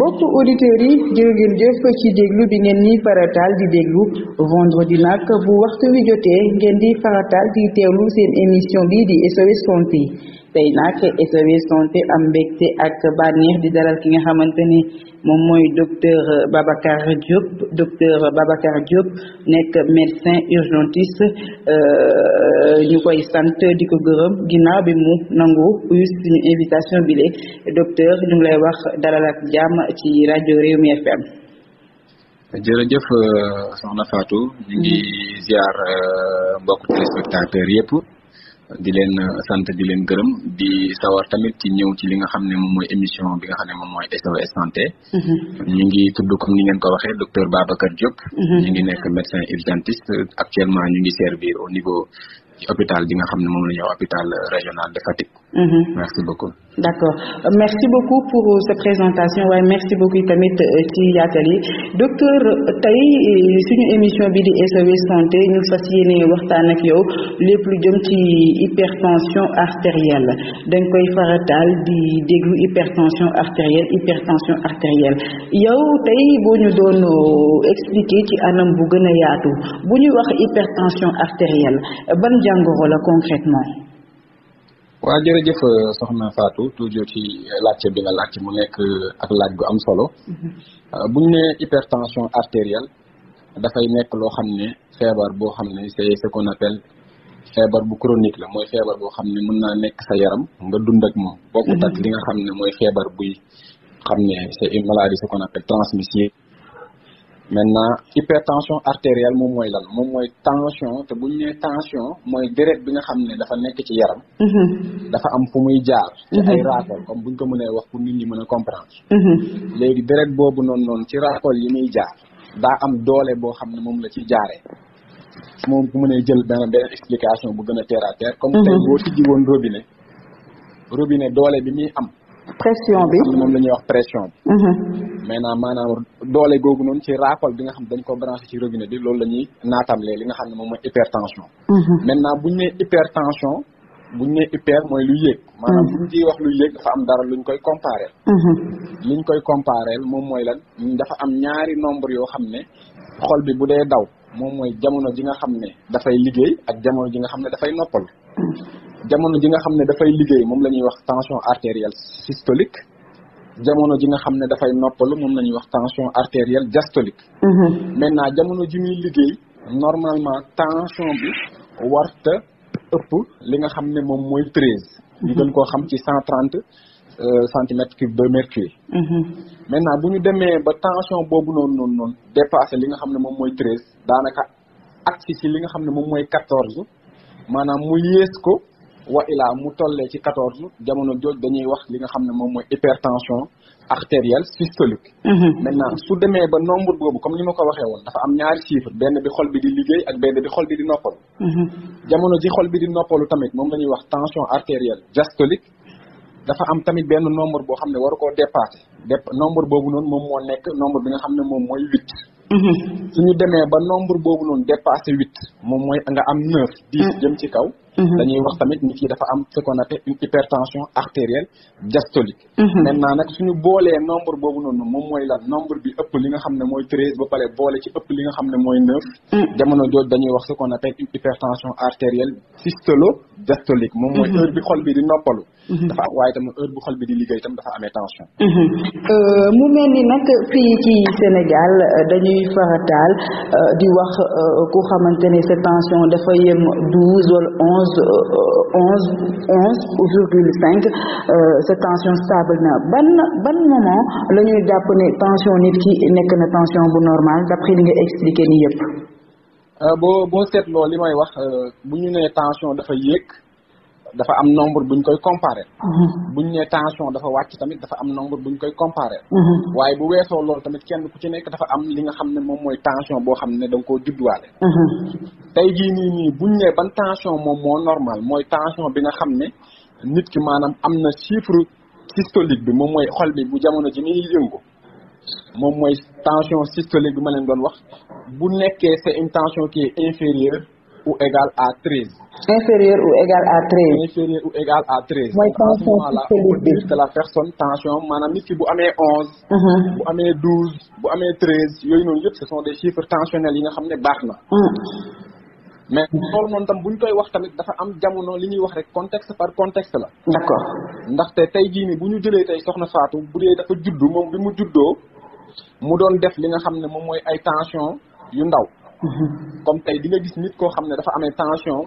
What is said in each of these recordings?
bokk auditeurs yi jërë ngeen jëf ci déglu bi ngeen ni faratal di déglu vendredi nag bu waxtu wi jotee ngeen di faratal di teewlu seen émission bi di SOS santé tey nag SOS santé am mbégte ak bànneex di dalal ki nga xamante ni moom mooy docteur Babacar Diop docteur Babacar Diop nekk médecin urgentiste euh, ñu koy sant di ko gërëm ginnaaw bi mu nangu uyu invitation bi docteur ñu ngi lay wax dalal ak jàmm ci rajo Rewmi FM jërëjëf euh, soxna Fatou ñu ngi mm-hmm. ziar euh, mbokk téléspectateurs yëpp di leen euh, sant di leen gërëm di sawar tamit ci ñëw ci li nga xam ne moom mooy émission bi nga xam ne moom mooy SOS santé. Mhm. ñu ngi tudd comme ni ngeen ko waxee docteur Babacar Diop. Mhm. ñu ngi nekk médecin urgentiste actuellement ñu ngi servir au niveau ci hôpital bi nga xam ne moom la ñu hôpital régional de Fatick. Mmh. merci beaucoup. d' euh, merci beaucoup pour sa euh, présentation waaye merci beaucoup tamit euh, ci yaatal yi docteur tey suñu émission bi di SOS santé ñu fas yéene waxtaan ak yow lépp lu jëm ci hypertension artérielle dañ koy farataal di déglu hypertension artérielle hypertension artérielle yow tey boo ñu doon expliquer ci anam bu gën a yaatu bu ñuy wax hypertension artérielle ban jàngoro la concrètement waa jërëjëf euh, soxna Fatou toujours ci laajte bi nga laajte mu nekk euh, ak laaj bu am solo mm-hmm. euh, bu ne nee hypertension artérielle dafay nekk loo xam ne feebar boo xam ne c'est ce qu'on feebar bu chronique la mooy feebar boo xam ne mën naa nekk sa yaram nga dund ak moom mm-hmm. bokkut ak li nga xam ne mooy feebar buy xam ne c'est une maladie ce qu'on appelle transmissible maintenant hypertension artérielle moom mooy lan moom mooy tension te bu ñu nee tension mooy deret bi nga xam ne dafa nekk ci yaram. Mhm. dafa am fu muy jaar. ci ay mhm. raakool comme bu ko mënee wax pour nit ñi mën a comprendre. Mhm. léegi deret boobu noonu noonu ci raakool yi muy jaar daa am doole boo xam ne moom la ci jaaree. moom ku mënee jël benn benn explication bu gën a terre à comme tey boo tijji woon robinet. robinet doole bi muy am. pression bi moom la ñuy wax pression bi mhm. maintenant maanaam doole googu noonu ci raakol bi nga xam dañ ko branché ci robinet bi loolu la ñuy naatamlee li nga xam ne moom mooy hypertension mhm. maintenant bu ñu nee hypertension bu ñu nee hyper mooy lu yéeg mhm. maanaam bu ñu ciy lu dafa am dara luñ koy comparé liñ koy comparé moom mooy lan dafa am ñaari nombre yoo xam ne xol bi bu dee daw moom mooy jamono ji nga xam ne dafay liggéey ak jamono ji nga xam ne dafay noppal jamono ji nga xam ne dafay liggéey moom la ñuy wax tension artérielle systolique jamono ji nga xam ne dafay noppalu moom la ñuy wax tension artérielle diastolique mhm. maintenant jamono ji muy liggéey normalement tension bi warta ëpp li nga xam ne moom mooy treize ñu koo xam ci cent trente euh, centimètres cubes de mercure mhm. maintenant bu ñu demee ba tension boobu noonu noonu noonu dépassé li nga xam ne moom mooy treize daanaka agsi si li nga xam ne moom mooy quatorze maanaam mu wa ilaa mu tollee ci quatorze jamono jooj dañuy wax li nga xam ne moom mooy hypertension artérielle systolique mhm. maintenant su demee ba nombre boobu comme ni ma ko waxee woon dafa am ñaari chiffre benn bi xol bi di liggéey ak benn bi xol bi di noppalu mhm. jamono ji xol bi di noppalu tamit moom la ñuy wax tension artérielle diastolique dafa am tamit benn nombre boo xam ne waru koo dépassé dép nombre boobu noonu moom moo nekk nombre bi nga xam ne moom mooy huit mhm. suñu demee ba nombre boobu noonu dépassé huit moom mooy nga am neuf dix ci kaw Mm-hmm. dañuy wax tamit nit ki dafa am ce qu'on appelle une hypertension artérielle diastolique mm-hmm. maintenant nag suñu boolee nombre boobu noonu moom mooy la nombre bi ëpp li nga xam ne mooy treize ba pare boole ci ëpp li nga xam ne mooy neuf mm. jamono jooju dañuy wax ce qu'on appelle une hypertension artérielle systolo diastolique moom mooy mhm. heure bi xol bi di noppalu mhm. dafa am waaye tam heure bu xol bi di liggéey tam amee tension mhm. euh, mu mel ni nag fii ci Sénégal euh, dañuy farataal euh, di wax ku xamante ne sa tension dafa yem douze wala onze onze onze virgule cinq sa tension stable na ban ban moment la jàpp ne tension nit ki nekk na tension bu normal d'après li nga expliqué ni yëpp Euh, boo boo seetloo li may wax euh, bu ñu nee tension dafa yéeg dafa am nombre buñ koy comparer mhm. buñ nee tension dafa wàcc tamit dafa am nombre buñ koy comparer mhm. waaye bu weesoo loolu tamit kenn ku ci nekk dafa am li nga xam ne moom mooy tension boo xam ne da nga koo judduwaale mhm. tey jii nii nii buñ nee ban tension moom moo normal mooy tension bi nga xam ne nit ki maanaam am na chiffre systolique bi moom mooy xol bi bu jamono ji ni yëngu moom mooy tension systolique bi ma leen doon wax bu nekkee c'est une tension qui est inférieure ou égale à treize. inférieure ou égale à treize. inférieure ou égale à treize. mooy tension systolique bi que la personne tension maanaam nit ki bu amee onze. Uh-huh. bu amee douze bu amee treize yooyu noonu yëpp ce sont des chiffres tensionnels yi nga xam ne baax na. Uh-huh. mais loolu moom tam bu ñu koy wax tamit dafa am jamono li ñuy wax rek contexte par contexte la. d'accord ndaxte tey jii nii bu ñu jëlee tey soxna Fatou bu dee dafa moom mu juddoo. mu doon def li nga xam ne moom mooy ay tension yu ndaw comme tey di nga gis nit koo xam ne dafa amee tension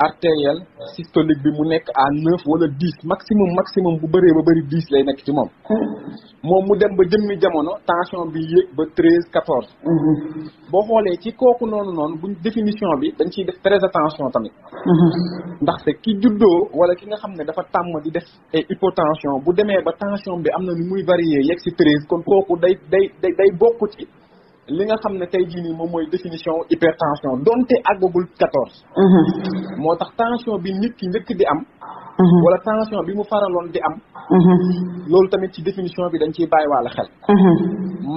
artérielle systolique bi mu nekk à neuf wala dix maximum maximum bu bëree ba bëri dix lay nekk ci moom moom mu dem ba jëmmi jamono tension bi yéeg ba treize quatorze boo xoolee ci kooku noonu noonu buñ définition bi dañ ciy def très attention tamit ndax c'est ki juddoo wala ki nga xam ne dafa tàmm di def ay hypotension bu demee ba tension bi am na nu muy varier yeeg ci treize kon kooku day day day day bokk ci li nga xam ne tey jii nii moom mooy définition hypertension donte àggagul quatorze mhm. moo tax tension bi nit ki njëkk di am mhm. wala tension bi mu faraloon di am mhm. loolu tamit ci définition bi dañ ciy bàyyi waale xel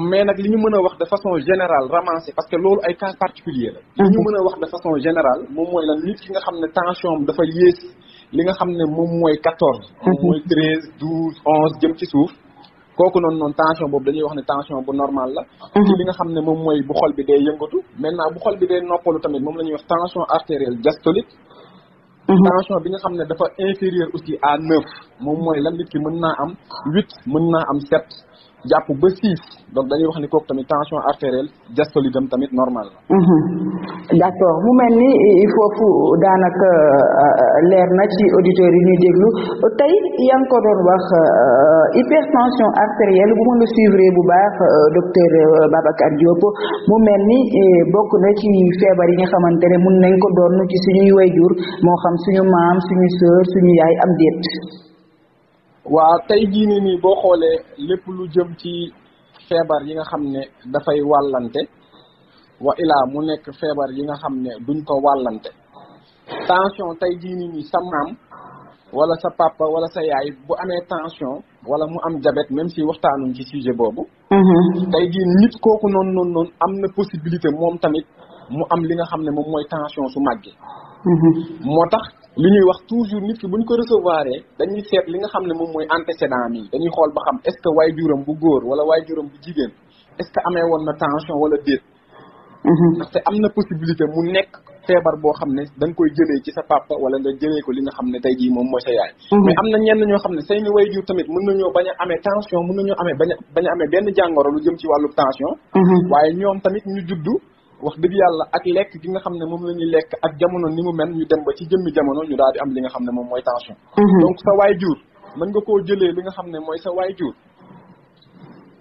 mais nag li ñu mën a wax de façon générale ramassé parce que loolu ay cas particulier la li ñu mën a wax de façon générale moom mooy lan nit ki nga xam ne tension am dafa yées li nga xam ne moom mooy quatorze moom mooy treize douze onze jëm ci suuf kooku noonu noonu tension boobu dañuy wax ne tension bu normal la mhm. li nga xam ne moom mooy bu xol bi dee yëngatu maintenant bu xol bi dee noppalu tamit moom la ñuy wax tension artérielle diastolique mhm. tension bi nga xam ne dafa inférieure aussi à neuf moom mooy lan nit ki mën naa am huit mën naa am sept jàpp ba six donc dañuy wax ni kooku tamit tension artérielle diastolique tamit normal la mhm. d' accord mu mel ni foofu daanaka euh, leer na ci auditeurs yi ñuy déglu tey yaa ko doon wax euh, hypertension artérielle bu ma la suivre bu baax euh, docteur Babacar Diop mu mel ni eh, bokk na ci feebar yi nga xamante ne mun nañ ko doon ci suñuy jur moo xam suñu maam suñu sœur suñu yaay am déet waa tey jii nii nii boo xoolee lépp lu jëm ci feebar yi nga xam ne dafay wàllante wa ilaa mu nekk feebar yi nga xam ne duñ ko wàllante tension tey gii nii nii sa maam wala sa papa wala sa yaay bu amee tension wala mu am diabète même si waxtaanuñ ci sujet boobu mm-hmm. tey jii nit kooku noonu noonu noonu am na possibilité moom tamit mu am li nga xam ne moom mooy tension su màggee mm-hmm. moo tax li ñuy wax toujours nit ki bu ñu ko recevoir dañuy seet li nga xam ne moom mooy antécédent mi dañuy xool ba xam est-ce que waajuram bu góor wala waajuram bu jigéen est-ce que amee woon na tension wala déet. Mhm. ndaxte am na possibilité mu nekk feebar boo xam ne da koy jëlee ci sa papa wala nga jëlee ko li nga xam ne tey jii moom mooy sa yaay. Mhm. mais am na ñenn ñoo xam ne seeni waajur tamit mën nañoo bañ a amee tension mën nañoo amee bañ bañ amee benn jàngoro lu jëm ci wàllu tension. Mhm. waaye ñoom tamit ñu juddu. wax dëgg yàlla ak lekk gi nga xam ne moom la ñuy lekk ak jamono ni mu mel ñu dem ba ci jëmmi jamono ñu daal di am li nga xam ne moom mooy tension mhm. donc sa waay jur mën nga koo jëlee li nga xam ne mooy sa waay jur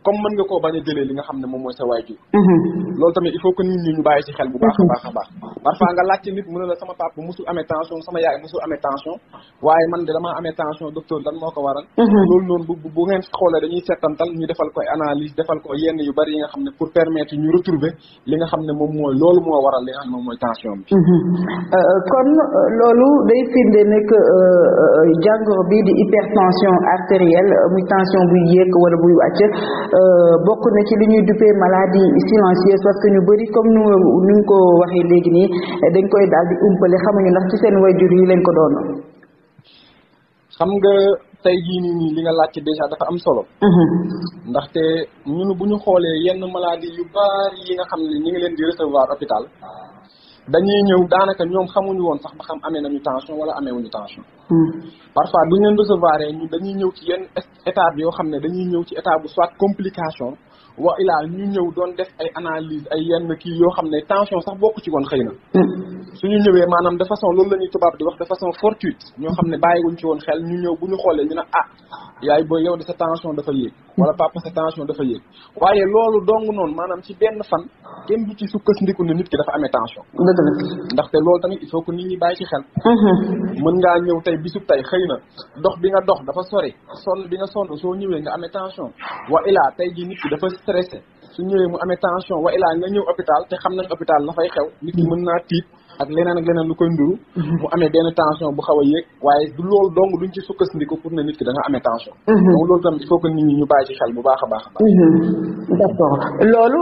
comme mën nga koo bañ a jëlee li nga xam ne moom mooy sa waajur mhm. loolu tamit il faut que nit ñu bàyyi ci xel bu baax a baax a baax mhm. parfois nga laajte nit mu ne la sama papa musul amee amee tension ko waral mhm. loolu noonu bu bu ngeen xoolee dañuy settantal ñu xam ne moom mooy loolu moo waral li nga xam ne moom mooy tension bi euh, kon euh, loolu day firnde nekk euh, jàngoro bi di hypertension artérielle muy tension buy yéeg wala buy wàcc Euh, bokk na ci li ñuy duppee maladie silencieuse parce que ñu bari comme nu nu ñu ko waxee léegi nii dañ koy daal di umpale xamuñu ndax ci seen wayjur yi leen ko doon. xam nga tey jii nii nii li nga laajte déjà dafa am solo. Mhm. ndaxte ñun bu ñu xoolee yenn maladie yu bari yi nga xam ne ñu ngi leen di recevoir hôpital. dañuy ñëw daanaka ñoom xamuñu woon sax ba xam amee nañu tension wala amee wuñu tension. Hmm. parfois duñ leen recevoir ñu dañuy ñëw ci yenn état yoo xam ne dañuy ñëw ci état bu soit complication wa ilaa ñu ñëw doon def ay analyse ay yenn kii yoo xam ne tension sax bokk ci woon xëy na. Hmm. ñu ñëwee maanaam de façon loolu la ñuy tubaab di wax de façon fortuite ñoo xam ne bàyyiwuñ ci woon xel ñu ñëw bu ñu xoolee ñu ne ah yaay booy yow de sa tension dafa yéeg. wala papa sa tension dafa yéeg waaye loolu dong noonu maanaam ci benn fan kenn du ci sukkandiku ne nit ki dafa amee tension dëgg la ndaxte loolu tamit il faut que nit ñi bàyyi ci xel mhm. mën ngaa ñëw tey bi bisub tey xëy na dox bi nga dox dafa sori sonn bi nga sonn soo ñëwee nga amee tension wa ilaa tey jii nit ki dafa stressé su ñëwee mu amee tension wa ilaa nga ñëw hôpital te xam nañ hôpital la fay xew nit ki mën naa tiit ak leneen ak leneen lu koy nduru mu mhm. amee benn tension bu xaw a yéeg waaye du loolu dong duñ ci sukkandiku pour ne nit ki da nga amee tension mhm. donc loolu tam il faut que nit ñi ñu bàyyi ci xel bu baax a baax a baax mhm. d'accord loolu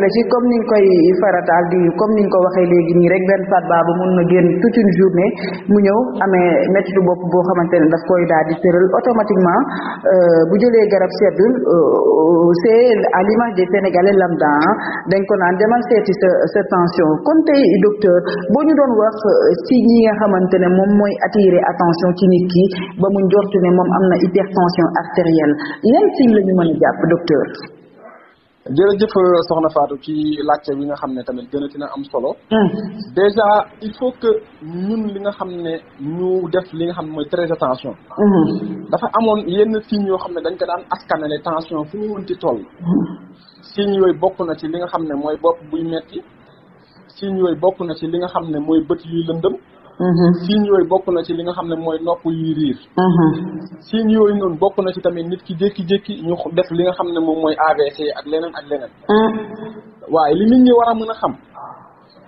la ci comme niñ koy farataal di comme niñ ko waxee léegi nii rek benn Fatou Baba mun na génn toute une journée mu ñëw amee métti bopp boo xamante ne koy daal di tëral automatiquement euh, bu jëlee garab seddul euh, c'est à l'image des Sénégalais lambda ko naan demal seeti sa sa tension kon tey docteur boo ñu doon wax euh, ci yi nga xamante ne moom mooy attirer attention ci nit ki ba mu njortu ne moom am na hypertension artérielle yan signe lañu ñu mën a jàpp docteur. jërëjëf euh, soxna Fatou ci laajte bi nga xam ne tamit gën a dina am solo. Hmm. déjà il faut que ñun li nga xam ne ñu def li nga xam ne mooy très attention. Hmm. dafa amoon yenn signes yoo xam ne dañ ko daan askanale tention fu mu mënti toll. Hmm. signes yooyu bokk na ci li nga xam ne mooy bopp buy metti signes yooyu bokk na ci li nga xam ne mooy bët yuy lëndëm mm-hmm. signes yooyu bokk na ci li nga xam ne mooy nopp yuy riir mm-hmm. signes yooyu noonu bokk na ci tamit nit ki jékki-jékki ñu def li nga xam ne moom mooy AVC ak leneen ak leneen mm-hmm. waaye li nit ñi war a mën a xam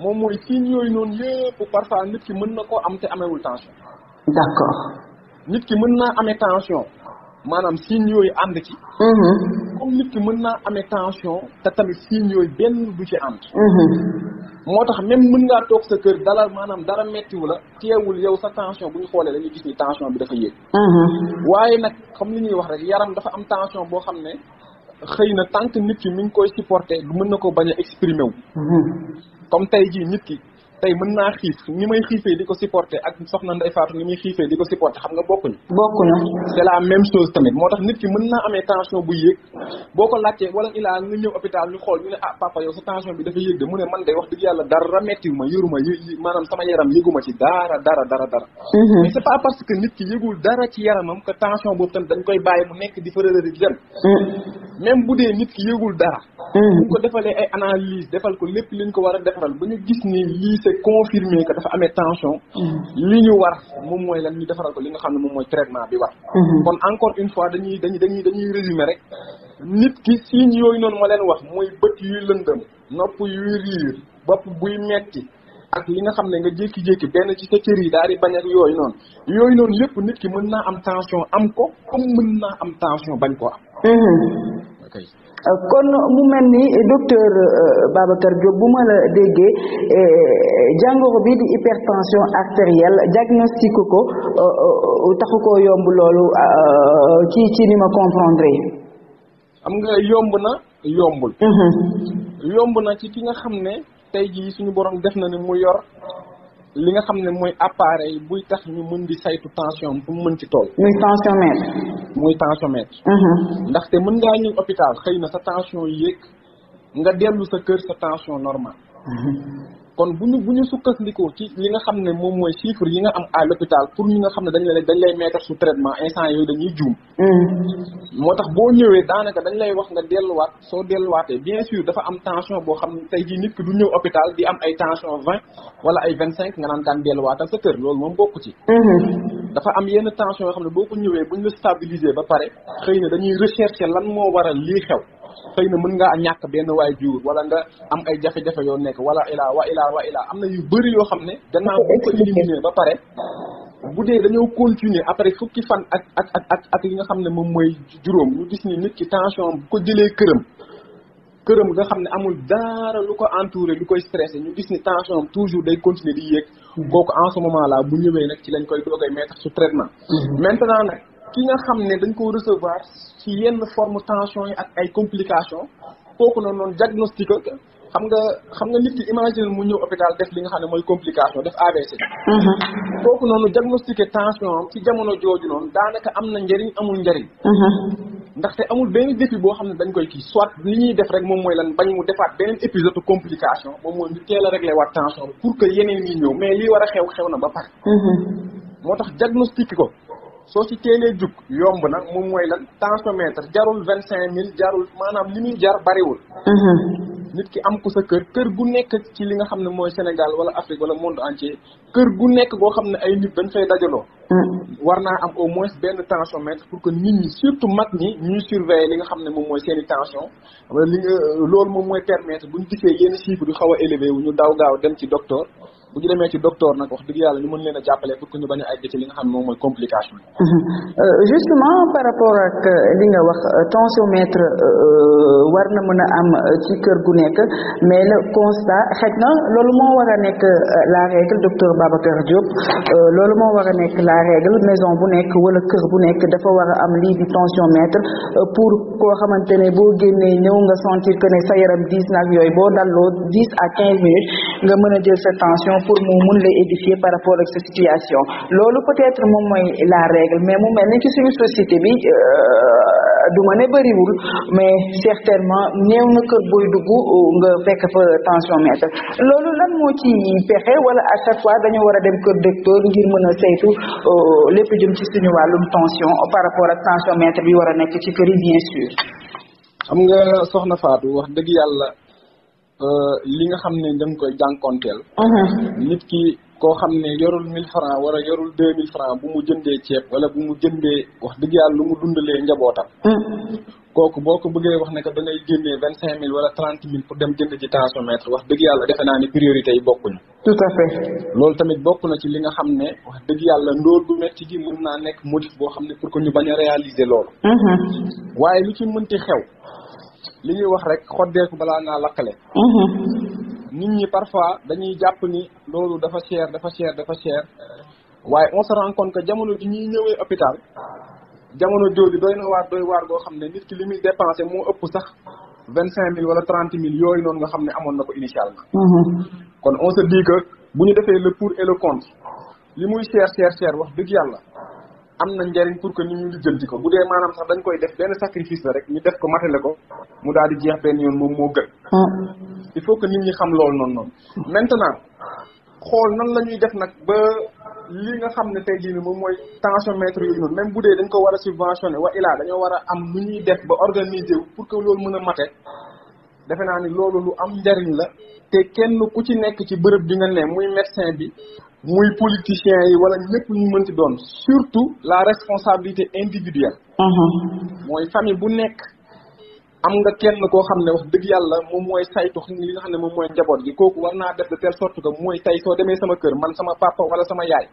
moom mooy signes yooyu noonu yëpp parfois nit mën na koo am te amewul tension d'accord nit ki mën naa amee tension maanaam signes yooyu ànd ci ki mën naa amee tension te tamit signes benn du ci ànd moo tax même mën ngaa toog sa kër dala maanaam dara mettiwu la teewul yow sa tension bu ñu xoolee dañuy gis ni tension bi dafa yéeg uh-huh. waaye nag comme li ñuy wax rek yaram dafa am tension boo xam ne xëy na tant nit ki mi ngi koy supporter du mën na ko bañ a exprimer wu uh-huh. comme tey jii nit ki tey mën naa xiif ni may xiifee di ko supporter ak soxna Ndeye Fatou ni muy xiifee di ko supporter xam nga bokkuñu. bokkuñu c'est la même chose tamit moo tax nit ki mën naa amee tension bu yéeg boo ko laajtee wala nga ñëw hôpital ñu xool ñu ne ah papa yow sa tension bi dafa yéeg de mu ne man day wax dëgg yàlla dara méttiwu ma y maanaam sama yaram yëguma ci dara dara dara dara mhm. mais c'est pas parce que nit ki yëgul dara ci yaramam que tension boobu tamit dañ koy bàyyi mu nekk di farërëri di dem mhm. même bu dee nit ki yëgul mhm. lépp liñ ko war a dee confirmé que dafa amee tension mm-hmm. li ñu war moom mooy lan ñu defaral ko li nga xam ne moom mooy traitement bi war mm-hmm. kon encore une fois dañuy dañuy dañuy dañuy résumé rek nit ki signes yooyu noonu ma leen wax mooy bët yuy lëndëm nopp yuy riir bopp buy metti ak li nga xam ne nga jékki-jékki benn ci sa cër yi daal di bañ ak yooyu noonu yooyu noonu yëpp nit ki mën naa am tension am ko comme mën naa am tension bañ koo am mm-hmm. ok kon mu mel ni docteur euh, Babacar Diop bu ma la déggee euh, jàngoro bi di hypertension artérielle diagnostique ko euh, taxu ko yomb loolu ci ci ni ma comprendre xam nga yomb na yombul mhm. yomb na ci ki nga xam ne tey ji suñu borom def na ne mu yor li nga xam ne mooy appareil buy tax ñu mën di saytu tension fu mu mën ci tool. muy tensiomètre. muy tensiomètre. Mhm. ndaxte mën ngaa ñëw hôpital xëy na sa tension yéeg nga dellu sa kër sa tension normale. Mhm. kon bu ñu bu ñu sukkandikoo ci li nga xam ne moom mooy chiffre yi nga am à l'hôpital pour ñi nga xam ne dañ lay dañ lay mettre sous traitement instant yooyu dañuy juum. Mm-hmm. moo tax boo ñëwee daanaka dañ lay wax nga delluwaat soo delluwaatee bien sûr dafa am tension boo xam ne tey jii nit ki du ñëw hôpital di am ay tension vingt wala ay vingt cinq nga naan daan delluwaatal sa kër loolu moom bokku ci. Mm-hmm. dafa am yenn tension yoo xam ne boo ko ñëwee bu ñu la stabiliser ba pare xëy na dañuy rechercher lan moo waral lii xew. xëy na mën ngaa ñàkk benn waay jur wala nga am ay jafe-jafe yoo nekk wala ilaa wa ilaa wa ilaa am na yu bëri yoo xam ne gannaaw boo ko éliminer ba pare bu dee dañoo continuer après fukki fan ak ak ak ak ak yi nga xam ne moom mooy juróom ñu gis ni nit ki tension bu ko jëlee këram kërëm nga xam ne amul dara lu ko entouré lu koy stressé ñu gis ni tension am toujours day continuer di yéeg mm-hmm. kooku en ce moment là bu ñëwee nag ci lañ koy doogay mettre su traitement mm-hmm. maintenant nag ki nga xam ne dañ ko recevoir ci yenn forme tension yi ak ay complications kooku noonu noonu diagnostic xam nga xam nga nit ki imaginer mu ñëw hôpital def li nga xam ne mooy complication def AVC. Mhm. kooku noonu diagnostiqué tension am ci jamono jooju noonu daanaka am na njëriñ amul njëriñ. Mhm. ndaxte amul benn défi boo xam ne dañ koy kii soit li ñuy def rek moom mooy lan bañ mu defaat beneen épisode de complication moom mooy ñu teel a réglé waat tension bi pour lii war a xew xew na ba pare. Mhm. moo tax diagnostiqué ko. soo ci teelee jug yomb na moom mooy lan tentomètre jarul vingt cinq mille jarul maanaam li muy jar bariwul mhm. nit ki am ko sa kër kër gu nekk ci li nga xam ne mooy Sénégal wala Afrique wala monde entier kër gu nekk goo xam ne ay nit dañ fay dajaloo mhm. war naa am au moins benn tensiomètre pour que nit ñi surtout mag ñi ñuy surveiller li nga xam ne moom mooy seen i tension wala li loolu moom mooy permettre bu ñu gisee yenn chiffres yu xaw a élevé wu ñu daw gaaw dem ci docteur bu ñu demee ci docteur nag wax dëgg yàlla ñu mën leen a jàppale pour que ñu bañ a egg ci li nga xam ne moom mooy complication mhm. euh, justement euh, euh, na a am ci kër gu nekk mais le constat xëy na loolu moo war a nekk la règle docteur Babacar Diop loolu moo war a nekk la règle maison bu nekk wala kër bu nekk dafa war a am lii di tensiomètre pour koo xamante ne boo génnee ñëw nga sentir que ne sa yaram diis nag yooyu boo dalloo dix à quinze minutes nga mën a jël sa tension pour mu mun la édifier par rapport ak sa situation loolu peut-être moom mooy la règle mais mu mel ni ci suñu société bi euh, du ma ne bëriwul mais certainement néew na kër booy dugg nga fekk fa tensiomètre loolu lan moo ci pexe wala à chaque fois dañu war a dem kër docteur ngir mën a saytu euh, lépp jëm ci suñu wàllum tension par rapport ak tensiomètre bi war a nekk ci kër yi bien sûr xam nga soxna Fatou wax dëgg yàlla Euh, li nga xam ne dañ koy jànkonteel uh-huh. nit ki koo xam ne yorul mille franc wala yorul deux mille franc bu mu jëndee ceeb wala bu mu jëndee wax dëgg yàlla lu mu dundalee njabootam hmm. kooku boo ko bëggee wax ne que da ngay génnee vingt cinq mille wala trente mille pour dem jënd ci tensiomètre wax dëgg yàlla defe naa ni priorité yi bokkuñu. tout à fait. bokk na ci li nga xam ne wax dëgg yàlla ndóol bu métti gi naa nekk motif boo xam ne pour que ñu bañ a réaliser loolu. Uh-huh. waaye lu ci xew. li ñuy wax rek xoddeeku balaa ngaa lakkale mhm. nit ñi parfois dañuy jàpp ni loolu dafa cher dafa cher dafa cher waaye on se jamono ji ñuy ñëwee hôpital jamono jooju doy na waar doy waar goo xam ne nit ki li muy dépensé moo ëpp sax vingt cinq mille wala trente mille yooyu noonu nga xam ne amoon na ko initialement mhm. kon on se bu ñu defee le pour et li muy cher cher cher wax dëgg yàlla am na njariñ pour que nit ñu lijjanti ko bu dee maanaam sax dañ koy def benn sacrifice la rek ñu def ko matale ko mu daal di jeex benn yoon moom moo gën ah. il faut que nit ñi xam loolu noon noonu maintenant xool nan la ñuy def nag ba li nga xam ne tey jii nii moom mooy tensiomètre yooyu ñu même bu dee dañ ko war a ne wa ilaa dañoo war a am nu ñuy def ba organiser wu pour que loolu mën a mate defe naa ni loolu lu am njariñ la te kenn ku ci nekk ci bërëb bi nga ne muy médecin bi muy politicien yi wala ñëpp ñu mënti doon surtout la responsabilité individuelle uh-huh. mooy famille bu nekk am nga kenn koo xam ne wax dëgg yàlla moom mooy saytu li nga xam ne moom mooy njaboot gi kooku war naa def de telle sorte que mooy tey soo demee sama kër man sama papa wala sama yaay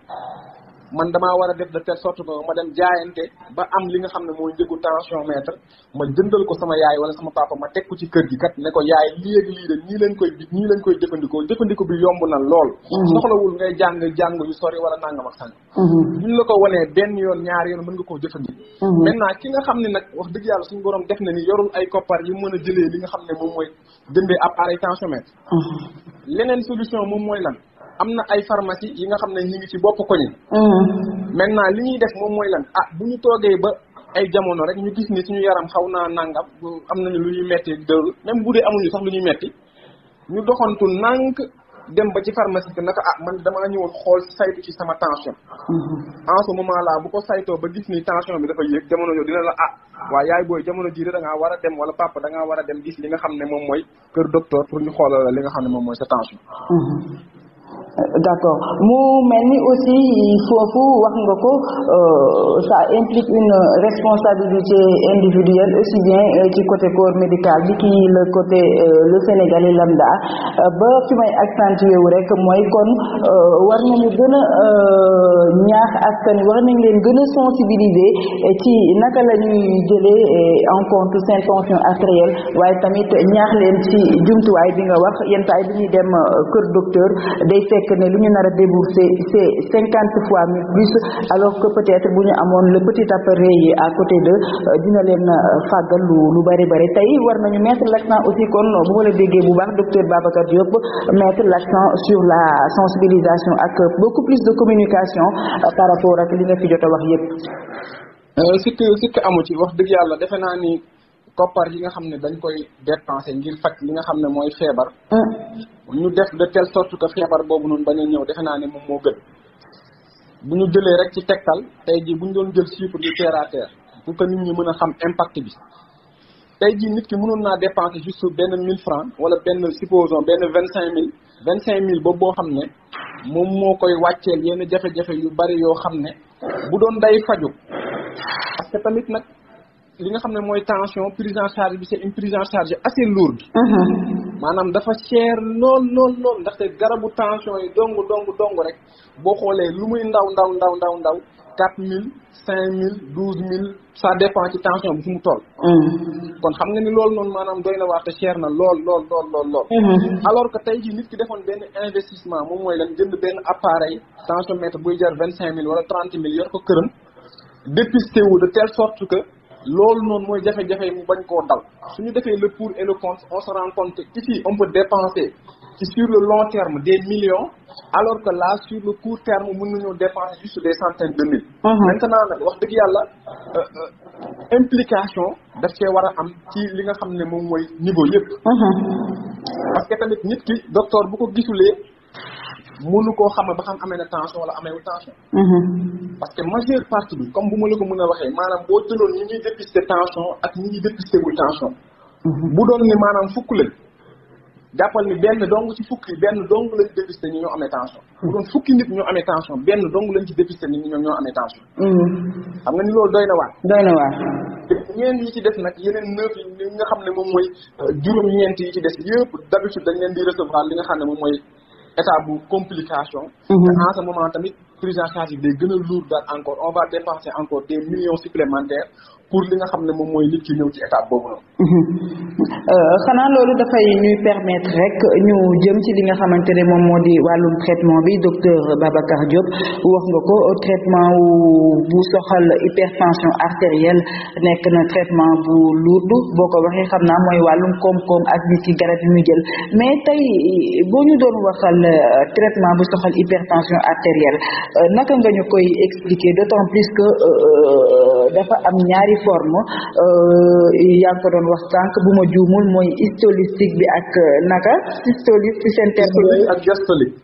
man damaa war a def de telle sorte que ma dem jaayante ba am li nga xam ne mooy njëgu tensiomètre ma jëndal ko sama yaay wala sama papa ma teg ko ci kër gi kat ne ko yaay lii ak lii de ñii leen koy bi ñii koy jëfandikoo jëfandiko bi yomb na lool mhm. soxlawul ngay jàng jàng yu sori wala nangam ak sànq mhm. ñu la ko wanee benn yoon ñaari yoon mën nga koo jëfandikoo mhm. maintenant ki nga xam ne nag wax dëgg yàlla suñu borom def na ni yorul ay koppar yi mën a jëlee li nga xam ne moom mooy jëndee appareil tensiomètre leneen solution moom mooy lan am na ay pharmacie yi nga xam ne ñu ngi ci bopp koñ mm-hmm. maintenant li ñuy def moom mooy lan ah bu ñu toogee ba ay jamono rek ñu gis nii suñu yaram xaw naa nangam am nañu lu ñuy metti dëru bu dee amuñu sax lu ñuy metti ñu doxantu nànk dem ba ci pharmacie bi naka ah man damaa ñëwoon xool saytu ci sama tension mm-hmm. en ce moment là bu ko saytoo ba gis ni tension bi dafa yéeg jamono yooyu dina la ah waa yaay booy jamono jii da ngaa a dem wala papa da ngaa war a dem gis li nga xam ne moom mooy kër docteur pour ñu xoolal la li nga xam ne moom mooy sa tension mm-hmm. d'accord mu mel ni aussi foofu wax nga ko euh, ça implique une responsabilité individuelle aussi bien euh, ci côté corps médical bi ki le côté euh, le sénégalais lambda ba fi may accentuer wu rek mooy kon war nañu gën a ñaax askan war nañ leen gën a sensibiliser ci naka la ñuy en compte seen tension artérielle waaye tamit ñaax leen ci jumtuwaay bi nga wax yenn saa yi bi ñuy dem kër docteur day fekk ne lu ñu nar a débourser c'est cinquante fois mille plus alors que peut-être bu ñu amoon le petit appareil yi à côté de euh, dina leen euh, fàggal lu lu bari bari tey war nañu mettre l'accent aussi kon bu ma la déggee bu baax docteur Babacar Diop mettre l'accent sur la sensibilisation ak beaucoup plus de communication euh, par rapport ak li nga fi jot a wax yépp. sikk sikk amu ci wax dëgg yàlla defe naa ni koppar yi nga xam ne dañ koy dépenser ngir faj li nga xam ne mooy feebar mm. ñu def de telle sorte que feebar boobu noonu ba a ñëw defe naa ne moom moo gën bu ñu jëlee rek ci tegtal tey jii bu ñu doon jël chiffre du terre à terre pour que nit ñi mën a xam impact bi tey jii nit ki mënoon naa dépenser juste benn mille francs wala benn supposons benn vingt cinq mille vingt cinq mille boobu boo xam ne moom moo koy wàcceel yenn jafe-jafe yu bari yoo xam ne bu doon day faju parce que li nga xam ne mooy tension prise en charge bi c'est une prise en charge assez lourde uh-huh. maanaam dafa cher lool lool lool ndaxte garabu tension yi dong dong dong rek boo xoolee lu muy ndaw ndaw ndaw ndaw ndaw quatre mille cinq mille douze mille ça dépend ci tension bi fu mu toll uh-huh. kon xam nga ni loolu noonu maanaam doy na waar te cher na lool lool lool uh-huh. alors que tey jii nit ki defoon benn investissement moom mooy lan jënd benn appareil tensiomètre buy jar vingt cinq mille wala trente mille yor ko këram dépisté wu de telle que loolu noonu mooy jafe-jafe yi mu bañ koo dal ah. suñu defee le pour et le contre on se rend compte que ici on peut dépenser ci sur le long terme des millions alors que là sur le court terme mën nañoo dépenser juste des centaines de mille mhm. maintenant nag wax dëgg yàlla euh, euh, implication daf cee war a am ci li nga xam ne moom mooy niveau yëpp mhm. parce que tamit nit ki docteur bu ko gisulee mënu koo xamal ba xam amee na tension wala ameewul tension. Mm-hmm. parce que majeure partie bi comme bu ma la ko mën a waxee maanaam boo jëloon ñi ñuy dépister tension ak ñi ñuy dépister wul tension. Mm-hmm. bu doon ni maanaam fukk lañ jàppal ni benn dong ci fukk yi benn dong lañ dépister ñi ñoo amee tension. bu doon fukki nit ñoo amee tension benn dong lañ ci dépister ñi ñoo ñoo amee tension. Mm-hmm. xam nga ni loolu doy na waa doy na waar. ñeent yi ci des nag yeneen neuf yi nga xam ne moom mooy euh, juróom-ñeent yi ci des yëpp d'habitude dañ leen di recevoir li nga xam ne moom mooy. état bu complication mhm. te en ce moment tamit prise en charge bi day gën a lourd daal encore on va dépenser encore des millions supplémentaires pour li nga xam ne moom mooy nit ki ñëw ci étape boobu noonu. Euh, xanaa loolu rek ñu jëm ci li nga xamante ne moom moo di wàllum traitement bi docteur Babacar Diop wax nga ko traitement wu bu soxal hypertension artérielle nekk na traitement bu lourd boo ko waxee xam naa mooy wàllum koom-koom ak nit ki garab yi muy jël mais tey boo ñu doon waxal euh, traitement bu soxal hypertension artérielle euh, naka nga ñu koy expliquer d'autant plus que dafa am ñaari forme euh, yaa ngi ko sànq bu ma juumul mooy histolystique bi ak euh, naka histoliste seen terme ak diastolique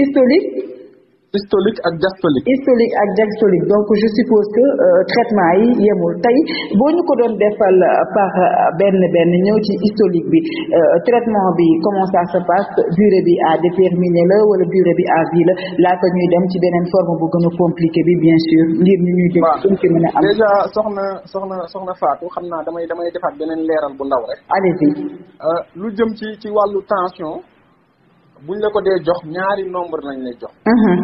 histolique systolique ak diastolique. systolique ak diastolique donc je suppose que euh, traitement yi yemul tey boo ñu ko doon defal euh, par euh, benn benn ñëw ci histolique bi traitement bi comment ça se passe durée bi à déterminer la wala durée bi à vie la laata ñuy dem ci beneen forme bu gën a compliqué bi bien sûr ngir ñu ñuy dégg suñ ci mën a am déjà soxna soxna soxna xam naa damay damay defaat beneen leeral bu ndaw rek allez-y lu jëm ci ci wàllu tension buñ la ko dee jox ñaari nombre lañ lay jox mhm.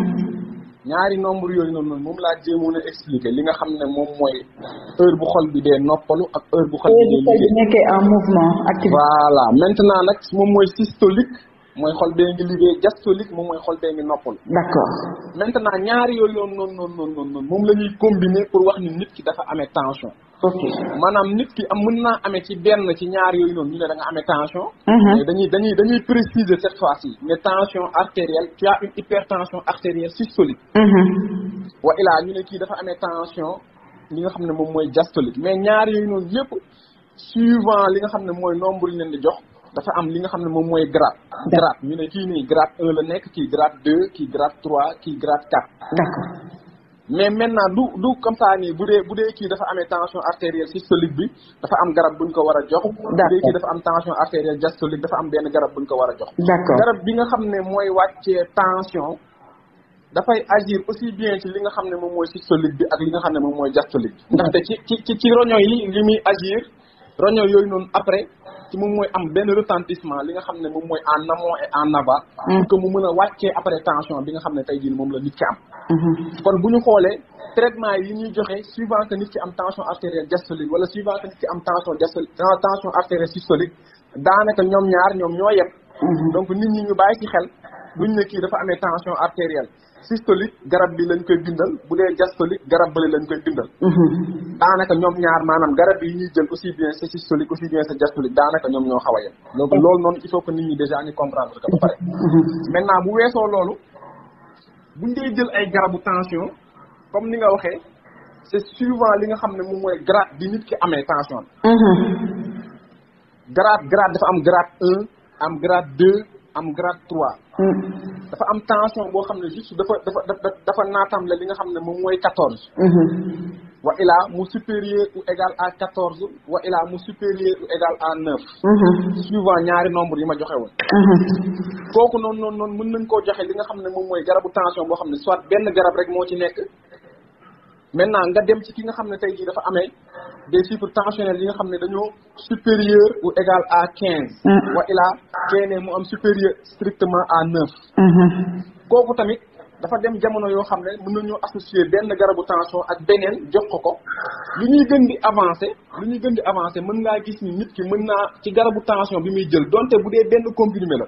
ñaari nombre yooyu noonu moom laa jéemoon a expliquer li nga xam ne moom mooy heure bu xol bi dee noppalu ak heure bu xol bi dee nekkee en mouvement actif voilà maintenant nag moom mooy systolique mooy xol bee ngi liggéey diastolique moom mooy xol bee ngi noppalu d'accord maintenant ñaari yooyu noonu noonu noonu noonu moom la ñuy combiner pour wax ni nit ki dafa amee tension surtout maanaam nit ki am mën naa amee ci benn ci ñaar yooyu noonu ñu ne da nga tension. Mhm. dañuy dañuy dañuy préciser cette fois-ci ne tension artérielle tu as une hypertension artérielle systolique. Mhm. wa ilaa ñu ne kii dafa amee tension li nga xam ne moom mooy diastolique mais ñaar yooyu noonu yëpp suivant li nga xam ne mooy nombre yi ne di jox dafa am li nga xam ne moom mooy grade. grade ñu ne kii nii grade un la nekk kii grade deux kii grade trois kii grade quatre. d'accord. mais maintenant du du comme bu dee bu dee kii dafa amee tension artérielle systolique bi dafa am garab buñ ko war a jox bu dee kii dafa am tension artérielle diastolique dafa am benn garab buñ ko war a jox garab bi nga xam ne mooy wàccee tension dafay agir aussi bien ci li nga xam ne moom mooy systolique bi ak li nga xam ne moom mooy diastolique bi ndaxte ci ci ci roño yi li muy agir roño yooyu noonu après moom mooy am benn retentissement li nga xam ne moom mooy en amont et en aval. pour mm. que mu mën a wàccee après tension bi nga xam ne tey jii moom la nit ci am. Mm-hmm. kon bu ñu xoolee traitement yi ñuy joxe suivant que nit ki am tension artérielle diastolique wala suivant que nit ki am tension diastolique tension artérielle systolique daanaka ñoom ñaar ñoom ñoo yem. Mm-hmm. donc nit ñi ñu bàyyi ci xel buñ ne kii dafa amee tension artérielle. systolique garab bi lañ koy bindal bu dee diastolique garab bële lañ koy bindal mhm. daanaka ñoom ñaar maanaam garab yi ñuy jël aussi bien c'est systolique aussi bien c'est diastolique daanaka ñoom ñoo xaw a yem loolu noonu il faut que nit ñi déjà ñu comprendre que ba pare mhm. maintenant bu weesoo loolu buñ dee jël ay garabu tension comme ni nga waxee c'est suivant li nga xam ne moom mooy grade bi nit ki amee tension bi mhm. grade grade dafa am grade un am grade am grade trois hmm. dafa am tension boo xam ne juste dafa dafa dafa naatam la li nga xam ne moom mooy quatorze hmm. wa ilaa mu supérieur ou égal à quatorze wa ilaa mu supérieur ou égal à neuf hmm. suivant ñaari nombre yi ma joxe woon kooku noonu noon noonu mën nañ koo joxe li nga xam ne moom mooy garabu tension boo xam ne soit benn garab rek moo ci nekk maintenant nga dem ci ki nga xam ne tey jii dafa ame de chiffres tensionnels yi nga xam ne dañoo supérieur ou égal à quinze ah. wa ilaa kene mu am supérieur strictement à neuf uh-huh. kooku tamit dafa dem jamono yoo xam ne mën nañoo associer benn garabu tension ak beneen jox ko ko lu ñuy gën di avancer lu ñuy gën di avancer mën ngaa gis ni nit ki mën naa ci garabu tension bi muy jël donte bu dee benn comprimé la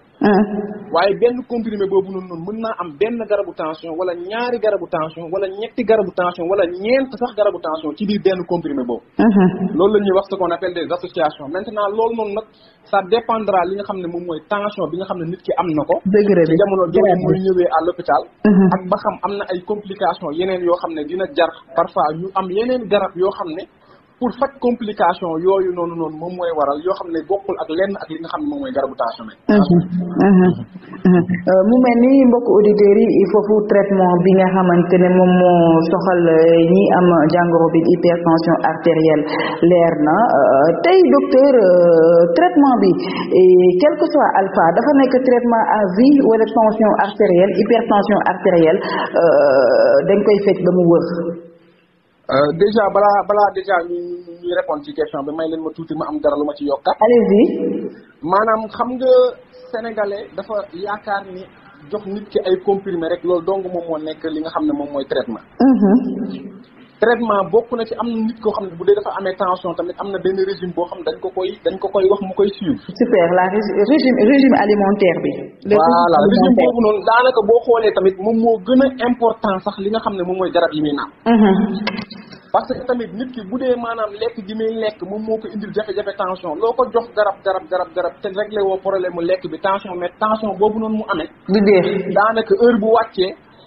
waaye benn comprimé boobu noonu noonu mën naa am benn garabu tension wala ñaari garabu tension wala ñetti garabu tension wala ñeent sax garabu tension ci biir benn comprimé boobu loolu la ñuy wax ce qu'on appelle des associations maintenant loolu noonu nag ça dépendra li nga xam ne moom mooy tension bi nga xam ne nit ki am na ko ci jamono jooju muy ñëwee à l'hôpital ak ba xam am na ay complications yeneen yoo xam ne dina jar parfois ñu am yeneen garab yoo xam ne pour faj complication yooyu noonu noonu moom mooy waral yoo xam ne bokkul ak lenn ak li nga xam ne moom mooy garabu tension bi. Euh, mu mel ni mbokk auditeurs yi foofu traitement bi nga xamante ne moom moo soxal euh, ñi am jàngoro bi hypertension artérielle leer na euh, tey docteur traitement bi quel que soit alpha dafa nekk traitement à vie wala tension artérielle hypertension artérielle dañ koy faj ba mu wër. Euh, déjà balaa balaa déjà ñu ñuy répondre ci question bi may leen ma tuuti ma am dara lu ma ci yokkat allez-y maanaam xam nga sénégalais dafa yaakaar ni jox nit ki ay comprimer rek loolu dong moom moo nekk li nga xam ne moom mooy traitement mhm. traitement bokk na ci am na nit koo xam ne bu dee dafa amee tension tamit am na benn régime boo xam dañ ko koy dañ ko koy wax mu koy suivre. super la régime alimentaire bi. voilà régime boobu noonu daanaka boo xoolee tamit moom moo gën a important sax li nga xam ne moom mooy garab yi muy naan. Mhm. parce que tamit nit ki bu dee maanaam lekk gi muy lekk moom moo ko indil jafe-jafe tension loo ko jox garab garab garab garab te réglé woo problème mu lekk bi tension mais tension boobu noonu mu amee. du dee daanaka heure bu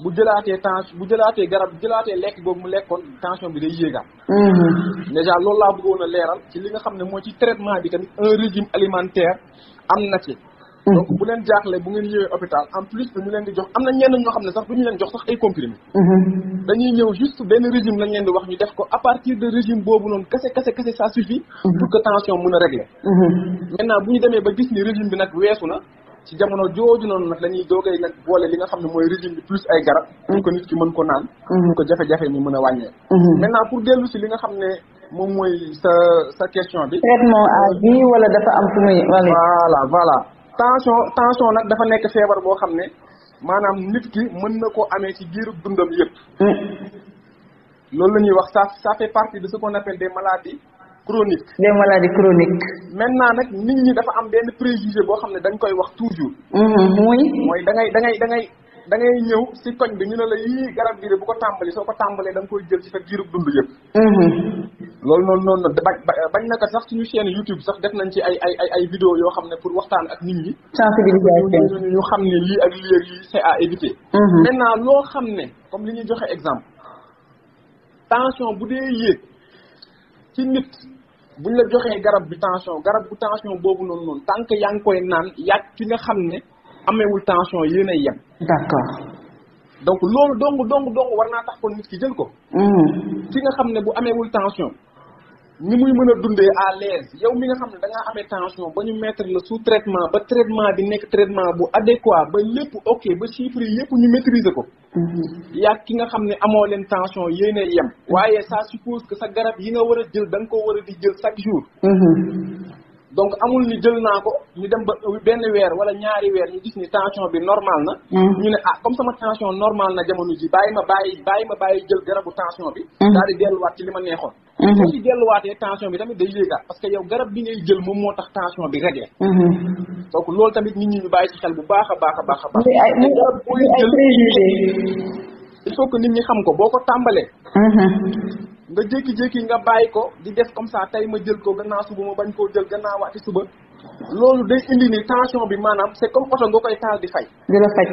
bu jëlaatee tension bu jëlaatee garab jëlaatee lekk boobu mu lekkoon tension bi day yéegaat mhm. dèjà loolu laa bëggoon a leeral ci li nga xam ne mooy ci traitement bi tamit un régime alimentaire am na ci mhm. donc bu leen jaaxle bu ngeen ñëwee hôpital en plus que ñu leen di jox am na ñenn ñoo xam ne sax bu ñu leen jox sax ay comprimés mhm. dañuy ñëw juste benn régime lañ leen di wax ñu def ko à partir de régime boobu noonu kese kese kese ça suffit pour que tension mën bu ñu demee ba gis ni régime bi nag weesu na ci jamono jooju noonu nag la ñuy doogay nag boole li nga xam ne mooy régime bi plus ay garab pour que nit ki mën ko naan mhm. pour que jafe-jafe mi mën a wàññee mhm. maintenant pour dellu si li nga xam ne moom mooy sa sa question bi traitement à vie wala dafa am fu muy voilà voilà tension tension nag dafa nekk feebar boo xam ne maanaam nit ki mën na koo amee ci giirub dundam yëpp mm. loolu la ñuy wax ça ça fait partie de ce na appelle des maladies chronique des maladies chroniques nag nit ñi dafa am benn préjugé boo xam ne dañ koy wax toujours mm-hmm. muy mooy da ngay da ngay da ngay ngay ñëw si koñ bi ñu ne la yii garab gi bu ko tàmbali soo ko tàmbalee da nga koy jël ci sa giirub dund yëpp mm-hmm. loolu noonu noonu nag bañ bañ na sax suñu chaîne YouTube sax def nañ ci ay ay ay yoo xam ne pour waxtaan ak nit ñi sensibilisation ñu xam ne lii ak lii ak lii c'est à éviter mm-hmm. loo xam ne comme li ñuy joxe exemple tension bu dee ci nit buñ la joxee garab bi tension garab bu tension boobu noonu noonu tant que yaa ngi koy naan yàgg ki nga xam ne amewul tension yéen a yem. d'accord. donc loolu dong dong dong war naa tax kon nit ki jël ko. ki mm-hmm. nga xam ne bu amewul tension. ni muy mën a dundee à l'aise yow mi nga xam ne da ngaa amee tension ba ñu mettre la sous traitement ba traitement bi nekk traitement bu adéquat ba lépp ok ba chiffres yi yëpp ñu maîtriser ko mm-hmm. yaa ki nga xam ne amoo leen tension yéene yem mm-hmm. waaye sa suppose que sa garab yi nga war a jël da nga ko war a di jël chaque jour mm-hmm. donc amul ni jël naa ko ñu dem ba benn weer wala ñaari weer ñu gis ni tension bi normal na ñu ne ah comme sama tension normal na jamono ji bàyyi ma bàyyi bàyyi ma bàyyi jël garabu bi daal di delluwaat ci li ma neexoon Mm-hmm. soo ci delluwaatee tension bi tamit day yéegaat parce que yow garab bi ngay jël moom moo tax tension bi réglé mm-hmm. donc loolu tamit nit ñi ñu bàyyi ci xel bu baax a baax a baax a baax garab booy jël il faut que nit ñi xam ko boo ko tàmbalee mm-hmm. nga jékki-jékki nga bàyyi ko di def comme ça tey ma jël ko gannaaw suba ma bañ koo jël gannaaw waati suba loolu day indi ni tension bi maanaam c'est comme oto nga koy taal di fay. di la faj.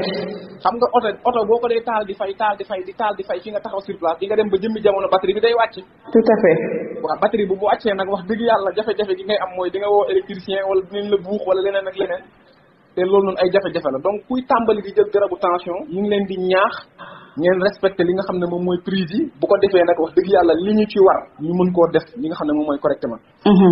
xam nga oto oto boo ko dee taal di fay taal di fay di taal di fay fi nga taxaw sur place nga dem ba jëmmi jamono batterie bi day wàcc. tout à fait. waaw batterie bu bu wàccee nag wax dëgg yàlla jafe-jafe gi ngay am mooy di nga woo électricien wala dinañ la buux wala leneen ak leneen. te loolu noonu ay jafe-jafe la donc kuy tàmbali di jël garabu tension ñu ngi leen di ñaax ngeen respecté li nga xam ne moom mooy prise yi bu ko defee nag wax dëgg yàlla li ñu ci war ñu mën koo def li nga xam ne moom mooy correctement mhm.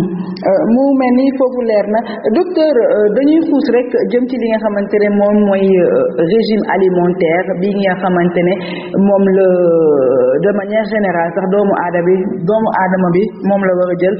euh, mu mel ni foofu leer na docteur euh, dañuy xuus rek jëm ci li nga xamante ne moom mooy euh, régime alimentaire bi nga xamante ne moom la de manière générale sax doomu aadama bi doomu aadama bi moom la war a jël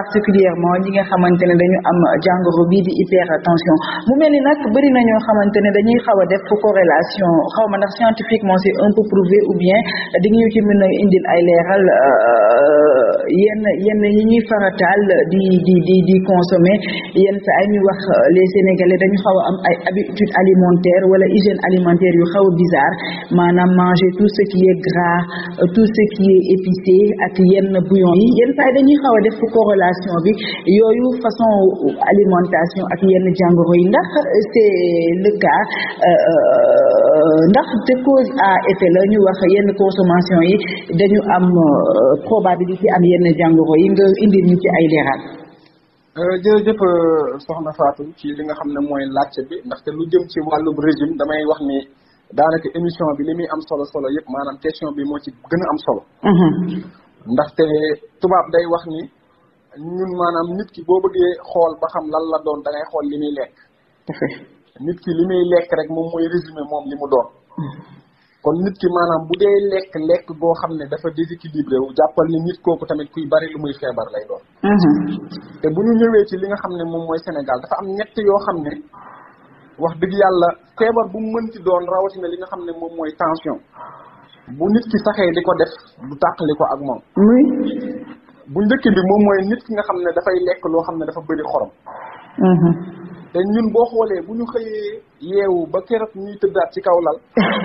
particulièrement ñi nga xamante ne dañu am jàngoro bii di hypertension mu mel nag bëri na ñoo xamante ne dañuy xaw a def corrélation xaw ma ndax scientifiquement c'est un peu prouvé ou bien di ñu ci mën a indil ay leeral euh, yenn yenn yi ñuy farataal di di di di consommer yenn saa yi ñuy wax euh, les sénégalais dañu xaw a am ay habitudes alimentaires wala hygiène alimentaire yu xaw a bizarre maanaam manger tout ce qui est gras euh, tout ce qui est épicé ak yenn bouillon yi yenn saa yi dañuy xaw a def corrélation bi yooyu façon alimentation ak yenn jàngoro yi ndax c'est le cas euh, euh, ndax de cause à effet la ñu wax yenn consommation yi dañu am euh, probabilité am yenn jàngo yi nga indil ñu ci ay leeral. jërëjëf soxna Fatou ci li nga xam ne mooy laajte bi ndaxte lu jëm ci wàllub régime damay wax ni daanaka émission bi li muy am solo solo yëpp maanaam question bi moo ci gën a am solo. Mhm. ndaxte tubaab day wax ni ñun maanaam nit ki boo bëggee xool ba xam lan la doon da xool li muy lekk. nit ki li muy lekk rek moom mooy résumé moom li mu doon kon nit ki maanaam bu dee lekk lekk goo xam ne dafa déséquilibré wu jàppal ni nit kooku tamit kuy bari lu muy feebar lay doon mhm. te bu ñu ñëwee ci li nga xam ne moom mooy Sénégal dafa am ñett yoo xam ne wax dëgg yàlla feebar bu mu mënti doon rawatina li nga xam ne moom mooy tension bu nit ki saxee di ko def du tàqali ko ak moom bu njëkk bi moom mooy nit ki nga xam ne dafay lekk loo xam ne dafa bëri xorom mhm. te ñun boo xoolee bu ñu xëyee yeewu ba keroog ñuy tëddaat ci kaw lal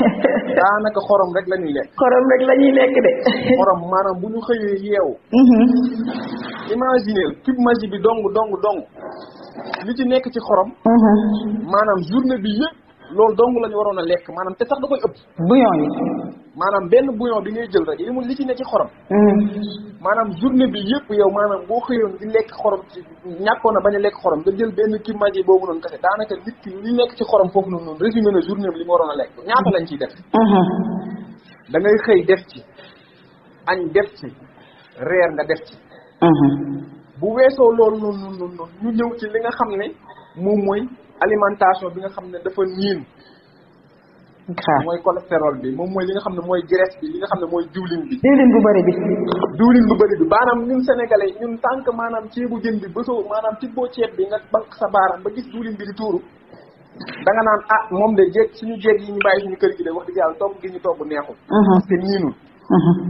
daanaka xorom rek la ñuy lekk xorom rek lañuy ñuy lekk de xorom maanaam bu ñu xëyee yeewu mhm. imaginer cube magie bi dong dong dong li ci nekk ci xorom mhm. maanaam journée bi yëpp loolu dong la ñu waroon a lekk maanaam te sax da koy ëpp bouillon yi maanaam benn bouillon bi ngay jël rek li mu li ci ne ci xorom hmm. maanaam journée bi yëpp yow maanaam boo xëyoon di lekk xorom ci ñàkkoon a bañ a lekk xorom nga jël benn kii maji boobu noonu kese daanaka nit ki nekk ci xorom foofu noonu noonu résumé na journée bi li lañ ciy def hmm. da ngay xëy def ci añ def ci hmm. loolu noonu noonu noonu ñu ñëw ci li nga xam ne moom mooy alimentation bi nga xam ne dafa niin mooy cholestérol bi moom mooy li nga xam ne mooy graisse bi li nga xam ne mooy diwlin bi diwlin bu bëri bi diwlin bu bëri bi maanaam ñun sénégalais ñun tànk maanaam ceebu jën bi bësoo maanaam tibboo ceeb bi nga bank sa baaraam ba gis diwlin bi di tuuru da nga naan ah moom de jéeg suñu jéeg yi ñu bàyyi suñu kër gi de wax dëgg yàlla togg gi ñu togg neexul mhm. te mhm.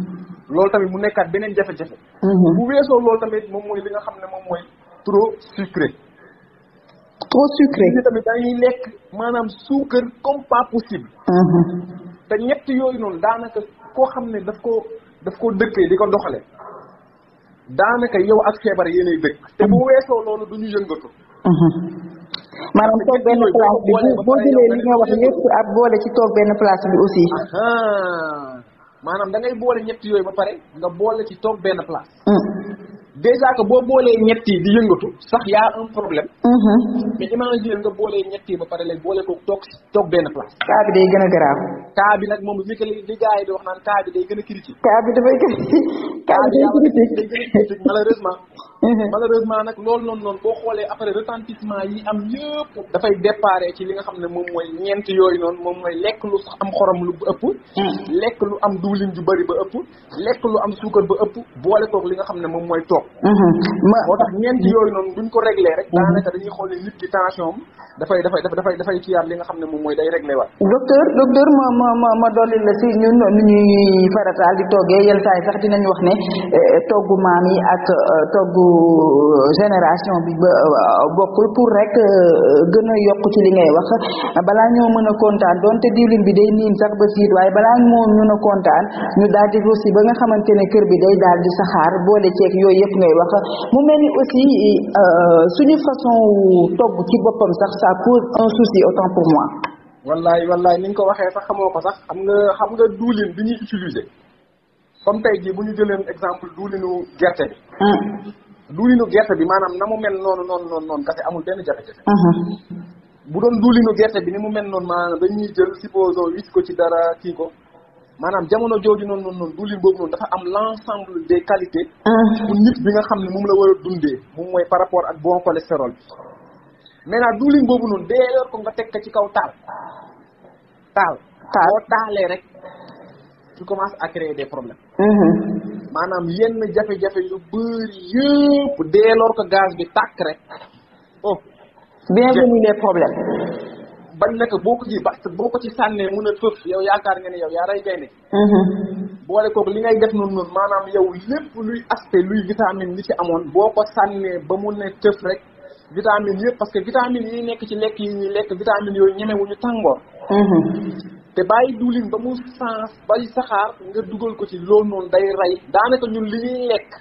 loolu tamit mu nekkaat beneen jafe-jafe mhm. bu weesoo loolu tamit moom mooy li nga xam ne moom mooy trop trop sucré. ñun tamit dañuy lekk maanaam suukar comme pas possible. Uh-huh. te ñett yooyu noonu daanaka koo xam ne daf koo daf koo dëkkee di ko doxale daanaka yow ak feebar yéenay dëkk. te bu weesoo loolu du ñu yëngatu. Uh-huh. maanaam toog benn place bi boo jëlee li nga wax lépp ab boole ci toog benn place bi aussi. maanaam da ngay boole ñett yooyu ba pare nga boole ci toog benn place. Uh-huh. déjà que boo boolee ñett yi di yëngatu sax y a un problème. Mhm. mais imagine nga boolee ñett yi ba pare léegi boole ko toog toog benn place. cas bi day gën a garaam cas bi nag moom li ko li gars yi di wax naan cas bi day gën a critique. cas bi dafay critique. cas bi day critique malheureusement. Mm-hmm. malheureusement nag loolu noonu noonu boo xoolee après retentissement yi am yëpp dafay déparé ci li nga xam ne moom mooy ñeent yooyu noonu moom mooy lekk lu am xorom lu ëpp mm-hmm. lekk lu am duwlin ju bëri ba ëpp lekk lu am suukar ba ëpp boole toog li nga xam ne moom mooy toog mm-hmm. moo tax ñeent yooyu noonu ko réglé rek daanaka dañuy xoole nit ki tension am dafay dafay dafay dafay li nga ne moom mooy day réglé waat docteur docteur ma ma ma ma dolli la si ñun nu ñuy farataal di toggee yenn saa yi sax dinañ wax ne eh, toggu maam yi ak eh, toggu génération bi ba euh, bokkul pour rek euh, gën a yokk ci li ngay wax balaa ñoo mën a kontaan donte diwlin bi day niin sax ba siit waaye balaa moo mën a kontaan ñu daal di ruus ba nga xamante ne kër bi day daal di saxaar boole ceek yooyu yëpp ngay wax mu mel ni aussi euh, suñu façon togg ci boppam sax ça pose un souci autant pour moi wallaay wallaay ni ko waxee sax xamoo ko sax xam nga xam bi ñuy utiliser comme tey jii bu ñu jëleen exemple duulinu gerte duulinu gerte bi maanaam na mu mel noonu noonu noonu noonu kese amul benn jafe-jafe. bu doon duulinu gerte bi ni mu mel noonu maanaam dañuy jël supposons wis ko ci dara kii ko maanaam jamono jooju noonu noonu noonu duulin boobu noonu dafa am l' ensemble des qualités. pour ah. nit bi nga xam ne moom la war a dundee moom mooy par rapport ak bon cholestérol bi. maintenant duulin boobu noonu dee yor ko nga teg ko ci kaw taal. taal taal boo taalee rek tu commences à créer des problèmes. Mhm. maanaam yenn jafe-jafe yu bëri yëpp dès lor ko gaz bi tàkk rek oh bienvenue les problèmes bañ na ko boo ko ji ba boo ko ci sànnee mun a fëf yow yaakaar nga ne yow yaa rey gaynde mm-hmm. boole kooku li ngay def noonu noonu maanaam yow lépp luy aspect luy vitamine li ci amoon boo ko sànnee ba mu ne tëf rek vitamine yëpp parce que vitamine yi nekk ci lekk yi ñuy lekk vitamine yooyu ñemewuñu tàngoor mm-hmm. te bàyyi diwlin ba mu sens bay saxaar nga dugal ko ci loolu noonu day rey daanaka ñun li ñuy lekk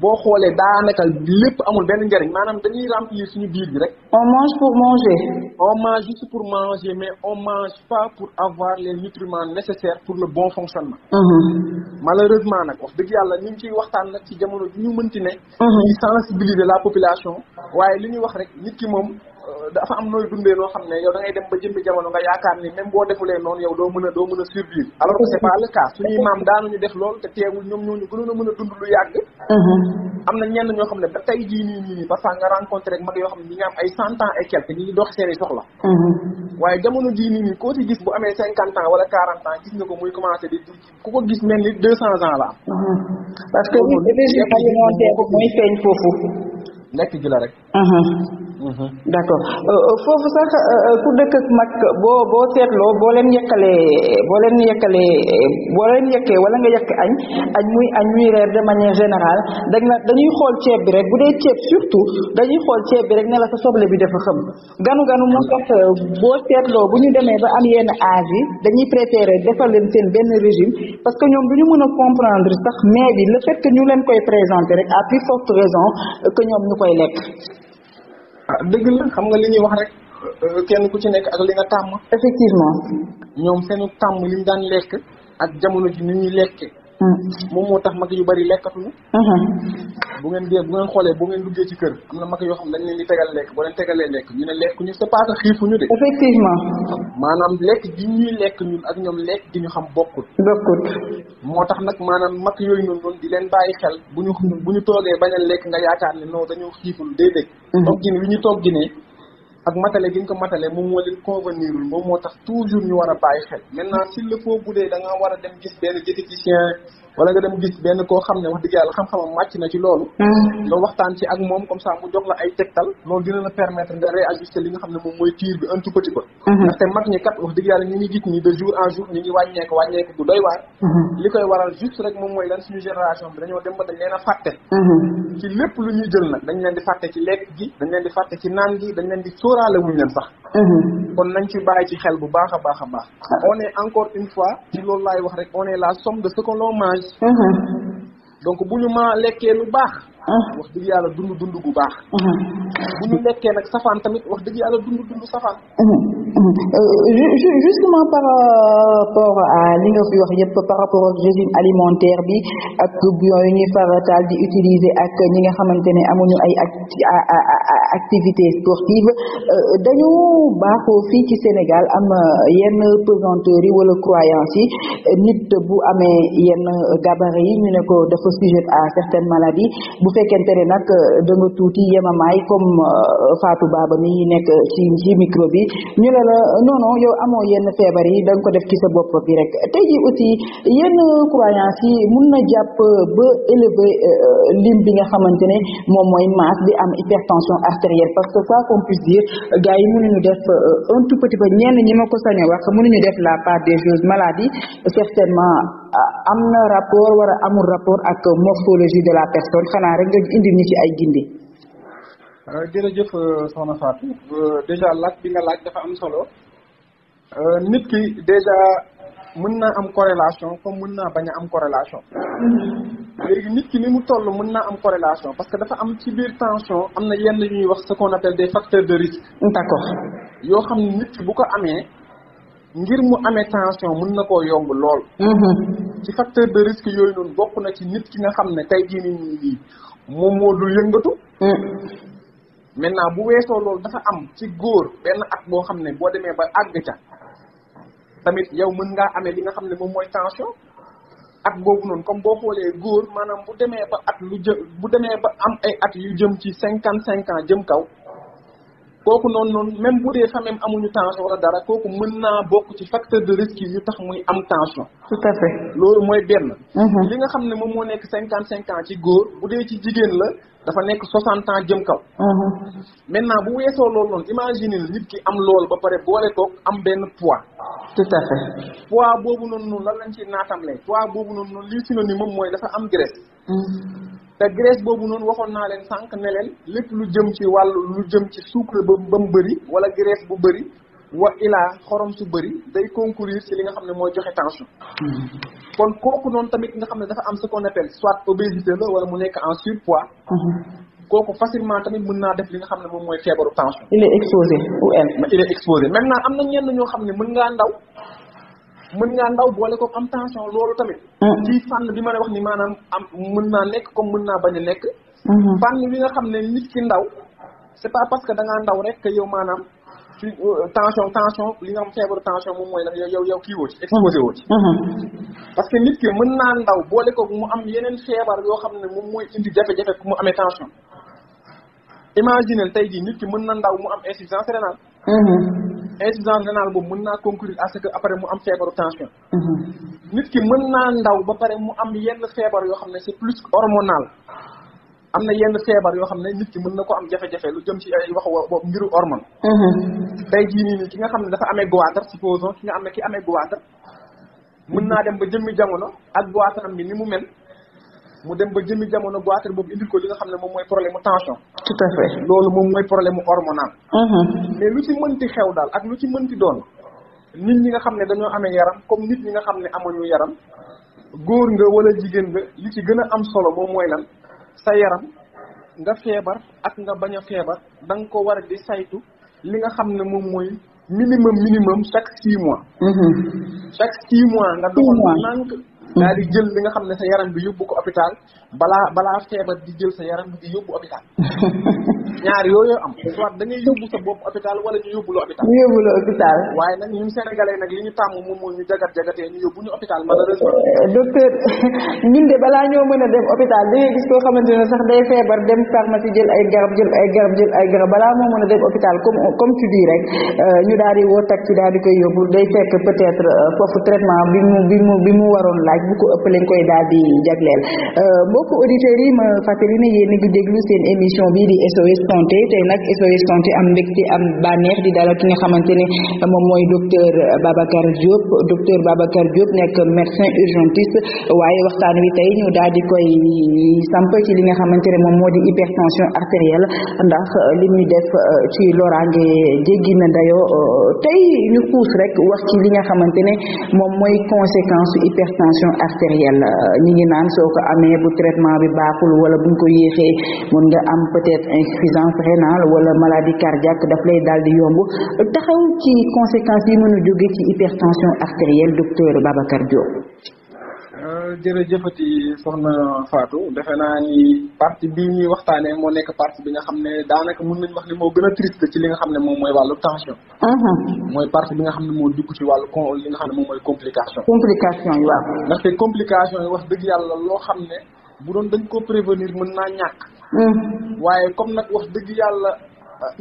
boo xoolee daanaka lépp amul benn njariñ maanaam dañuy remplir suñu biir bi rek. on mange pour manger. on mange juste pour manger mais on mange pas pour avoir les nutriments nécessaires pour le bon fonctionnement. Mm-hmm. malheureusement nag wax dëgg yàlla ñu ngi ciy waxtaan nag ci jamono ju ñu mënti ne. ñuy mm-hmm. sensibiliser la population. waaye li ñuy wax rek nit ki moom. dafa am nooy dundee noo xam ne yow da ngay dem ba jëmbi jamono nga yaakaar ni même boo defulee noonu yow doo mën a doo mën a survivre alors ñoo xam ne ba tey jii nii nii nii parfois nga rencontré ne ñi nga am ay cent ans et quelques ñi ngi dox seeni soxla waaye jamono jii nii nii koo ci gis bu amee cinquante ans wala quarante ans parce que mooy feeñ foofu nekk gi rek Mhm. d' accord euh, euh, foofu sax euh, ku dëkk mag boo boo seetloo boo leen yekkalee boo leen yekkalee boo leen yekkee wala nga yekk añ añ muy añ muy reer de manière générale dañ dañuy xool ceeb bi rek bu dee ceeb surtout dañuy xool ceeb bi rek ne la sa soble bi dafa xam ganu ganu moo tax boo seetloo bu ñu demee ba am yenn âge yi dañuy préféré defal leen seen benn régime parce que ñoom du ñu mën a comprendre sax mais bi le fait que ñu leen koy présenter rek à plus forte raison que ñoom ñu koy lekk ah dëgg la xam nga li ñuy wax rek euh, kenn ku ci nekk ak li a tàmm. effectivement ñoom seenu tàmm li ñu daan lekk ak jamono ji ni ñuy lekkee. Mm. moom moo tax mag yu bari lekkatuñu mm-hmm. bu ngeen dee bu ngeen xoolee bu ngeen duggee ci kër am na mag yoo xam dañ leen di tegal lekk boo leen tegalee lekk ñu ne lekk ñu c'est pas que xiifuñu de effectivement maanaam lekk gi ñuy lekk ñun ak ñoom lekk di ñu xam bokkut bokkut moo tax nag maanaam mag yooyu noonu noonu di leen bàyyi xel bu ñu bu ñu toogee bañ lekk nga yaakaar ne non dañoo xiiful déedéet toggin mm-hmm. wi ñu togginee ak matale gi ko matale moom moo leen convenirul moom moo tax toujours ñu war a bàyyi xel maintenant s'il le faut bu dee da nga war a dem gis wala nga dem gis benn koo xam ne wax dëgg yàlla xam-xamam màcc na ci loolu ah. nga waxtaan ci ak moom comme ça mu jox la ay tegtal loolu dina la nga réajuster li nga xam ne moom mooy tiir bi un tout petit peu mhm. ndaxte mag ñi kat wax dëgg yàlla ngi gis ni de jour en jour ñu ngi wàññeeku wàññeeku bu doy waar mhm. li koy waral juste rek moom mooy lan suñu génération bi dañoo dem ba dañ leen a fàtte mhm. ci lépp lu ñuy jël nag dañ leen di fàtte ci lekk gi dañ Mm-hmm. donc bu ñu ma lekkee lu baax Ah. wax dëgg yàlla dund dund ah. safaan tamit wax dëgg yàlla dund dund safaan ah. Euh, justement par euh, rapport à li nga fi wax yëpp par rapport ak régime alimentaire bi ak bouillon yu ñuy farataal di utiliser ak ñi nga xamante ne amuñu ay activité sportive euh, dañu baaxoo fii ci Sénégal am yenn pesanteur yi wala croyance yi nit bu amee yenn gabarit yi ñu ne ko dafa sujet à certaines maladies bu fekkente ne nag euh, da tuuti tuuti yemamaay comme euh, Fatou Baba mi nekk ci ci micro bi ñu ne la euh, yow amoo yenn feebar yi danga ko def ci sa bopp bi rek tey ji aussi yenn croyance yi mun na jàpp ba élever lim bi nga xamante ne moom mooy masse di am hypertension artérielle parce que quoi qu'on puisse dire gars yi mënuñu def un tout petit peu ñenn ñi ma ko sañ a wax mënuñu def la part des choses maladie certainement am na rapport wala amul rapport ak morphologie de la personne xanaa rek nga indi ñu ci ay gindi. Euh, jërëjëf euh, soxna Fatou euh, déjà laaj bi nga laaj dafa am solo nit ki déjà mën naa am corrélation comme mën naa bañ am corrélation mm-hmm. léegi nit ki ni mu toll mën naa am corrélation parce que dafa am ci biir tension am na yenn ñuy wax ce qu'on appelle des facteurs de risque. d'accord yoo xam ne nit ki bu ko amee. ngir mu amee tension mun na koo yomb lool. Mm-hmm. ci facteur de risque yooyu noonu bokk na ci nit ki nga xam ne tey jii nii lii moom moo dul yëngatu. Mm. maintenant bu weesoo loolu dafa am ci góor benn at boo xam ne boo demee ba àgg ca tamit yow mën ngaa amee li nga xam ne moom mooy tension at boobu noonu comme boo xoolee góor maanaam bu demee ba at lu jë bu demee ba am ay at yu jëm ci cinquante cinq jëm kaw. kooku noonu noonu même bu dee fa amuñu tension wala dara kooku mën naa bokk ci facteur de risque yu tax muy am tension. tout à fait loolu mooy benn. Mm-hmm. li nga xam ne moom moo nekk cinquante cinq ans ci góor bu dee ci jigéen la dafa nekk soixante ans jëm kaw. Mm-hmm. maintenant bu weesoo loolu noonu imagine nit ki am loolu ba pare boole koog am benn poids. tout à fait poids boobu noonu noonu lan lañ ci naatamle poids boobu noonu noonu lii ni moom mooy dafa am graisse mm-hmm. te graisse boobu noonu waxoon naa leen sànq ne leen lépp lu jëm ci wàllu lu jëm ci sucre ba ba mu bëri wala graisse bu bëri wa ilaa xorom su bëri day concourir ci li nga xam ne mooy joxe tension mm-hmm. kon kooku noonu tamit nga xam ne dafa am ce qu'on appelle soit obésité la wala mu nekk en surpoids mm-hmm. kooku facilement tamit mën naa def li nga xam ne moom mooy feebaru tension. il est exposé ou elle. il est exposé maintenant am na ñenn ñoo xam ne mën ngaa ndaw mën boole ko am tension loolu tamit. Mm. ci fànn bi ma wax ni maanaam am mën naa nekk comme mën naa bañ a nekk. Mm-hmm. fànn bi nga xam ne nit ki ndaw c'est pas parce que da ndaw rek que maanaam. ci euh, tension tension li nga xam feebaru moom mooy nag yow yow kii woo ci mm-hmm. exposé mm-hmm. mën naa ndaw boole ko mu am yeneen feebar yoo xam ne moom mooy indi jafe-jafe ku mu amee tension imaginel tey jii nit ki mën na ndaw mu am insuffisance rénale mhm. insuffisance rénale boobu mën naa conclure à ce que après mu am feebaru tension mhm. nit ki mën naa ndaw ba pare mu am yenn feebar yoo xam ne c'est plus hormonal am na yenn feebar yoo xam ne nit ki mën na ko am jafe-jafe lu jëm ci ay wax boobu mbiru hormone mhm. tey jii nii nii ki nga xam ne dafa amee goitre supposons ki nga am ne ki amee goitre mën naa dem ba jëmmi jamono ak goitre am bi ni mu mel mu dem ba jëmmi jamono goitre boobu indil ko li nga xam ne moom mooy problème mu tension. tout à fait loolu moom mooy problème mu hormonal. Mm-hmm. mais lu ci mënti xew daal ak lu ci mënti doon nit ñi nga xam ne dañoo amee yaram comme nit ñi nga xam ne amuñu yaram góor nga wala jigéen nga li ci gën a am solo moom mooy lan sa yaram nga feebar ak nga bañ a feebar da nga ko war a di saytu li nga xam ne moom mooy. minimum minimum chaque six mois. Mm-hmm. chaque six mois nga doxal. daal di jël li nga xam ne sa yaram bi yóbbu ko hôpital balaa balaa feebar di jël sa yaram bi di yóbbu hôpital ñaar yooyu am soit da yóbbu sa bopp hôpital wala ñu yóbbu la hôpital ñu la hôpital waaye nag ñun sénégalais nag li ñu tàmm moom mooy ñu jagat jagatee ñu euh, de balaa ñoo mën a dem hôpital da ngay gis koo xamante ne sax day feebar dem pharmacie jël ay garab jël ay garab jël ay garab balaa moo mën a dem hôpital comme comme tu dis rek euh, ñu daal di woo ci daal di koy yóbbu day fekk peut euh, foofu traitement bi mu bi mu bi mu waroon laaj ak bu ko lañ koy daal di jagleel euh, mbokku auditeurs yi ma fàttali ne yéen a déglu seen émission bii di SOS santé tey nag SOS santé am mbégte am bànneex di dalal ki nga xamante ne moom mooy docteur Babacar Diop docteur Babacar Diop nekk médecin urgentiste waaye waxtaan wi tey daal di koy samp ci li nga xamante ne moom moo di hypertension artérielle ndax euh, li muy def euh, ci loraange jéggi na dayoo tey ñu puus rek wax ci li nga xamante ne moom mooy conséquence hypertension artérielle euh, ñi ngi naan soo ko amee bu traitement bi baaxul wala buñ ko yéexee mun nga am peut-être insuffisance rénale wala maladie cardiaque daf lay daal di yomb taxaw ci conséquences yi mën a jóge ci hypertension artérielle docteur Babacar Diop jërëjëfati soxna Fatou defe naa ni partie bii ñuy waxtaanee moo nekk partie bi nga xam ne daanaka mën nañ wax ne moo gën a triste ci li nga xam ne moom mooy wàllu tension. Uh-huh. mooy partie bi nga xam ne moo dugg ci wàllu con li nga xam ne moom mooy complication. complication yi waaw. ndaxte complication yi wax dëgg yàlla loo xam ne bu doon dañ koo prévenir mën naa ñàkk. Mm. waaye comme nag wax dëgg yàlla.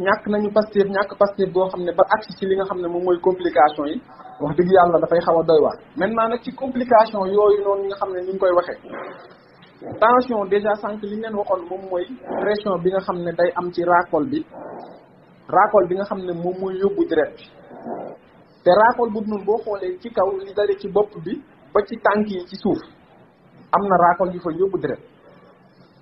ñàkk nañu Pastef ñàkk Pastef boo xam ne ba agsi ci li nga xam ne moom mooy complication yi wax dëgg yàlla dafay xaw a doy waar maintenant nag ci complication yooyu noonu nga xam ne ni ñu koy waxee tension déjà sànq li ñu leen waxoon mooy pression bi nga xam ne day am ci raakool bi raakool bi nga xam ne moom mooy yóbbu deret bi te raakool bu noonu boo xoolee ci kaw li dale ci bopp bi ba ci tànk yi ci suuf am na raakool yi fa yóbbu deret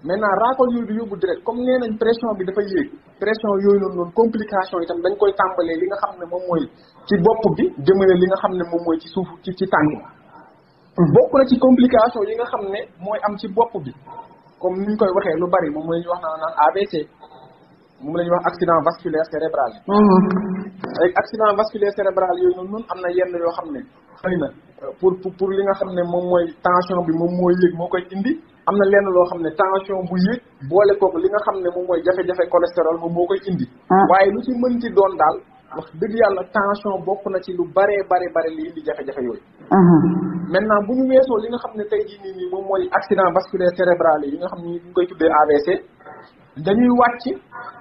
maintenant raakool yooyu du yóbbu direct comme nee nañ pression bi dafa yéeg pression yooyu noonu noonu complication itam dañ koy tàmbalee li nga xam ne moom mooy ci bopp bi jëmale li nga xam ne moom mooy ci suuf ci ci tàng bokk na ci complication yi nga xam ne mooy am ci bopp bi comme ni ñu koy waxee lu bari moom mooy ñu wax naa naan ABC moom la ñuy wax accident vasculaire cérébral. Mhm. ay accident vasculaire cérébral yooyu noonu am na yenn yoo xam ne xëy na euh, pour pour li nga xam ne moom mooy tension bi moom mooy yéeg moo koy indi. am na lenn loo xam ne tension bu yéeg boole kook li nga xam ne moom mooy jafe-jafe cholestérol moom moo koy indi. Ah. waaye lu ci mën ci doon daal wax dëgg yàlla tension bokk na ci lu bare bare li indi jafe-jafe yooyu. Mhm. maintenant bu ñu li nga xam ne tey jii nii nii moom mooy accident vasculaire cérébral yi nga xam ne ñu ngi koy tuddee AVC. dañuy wàcc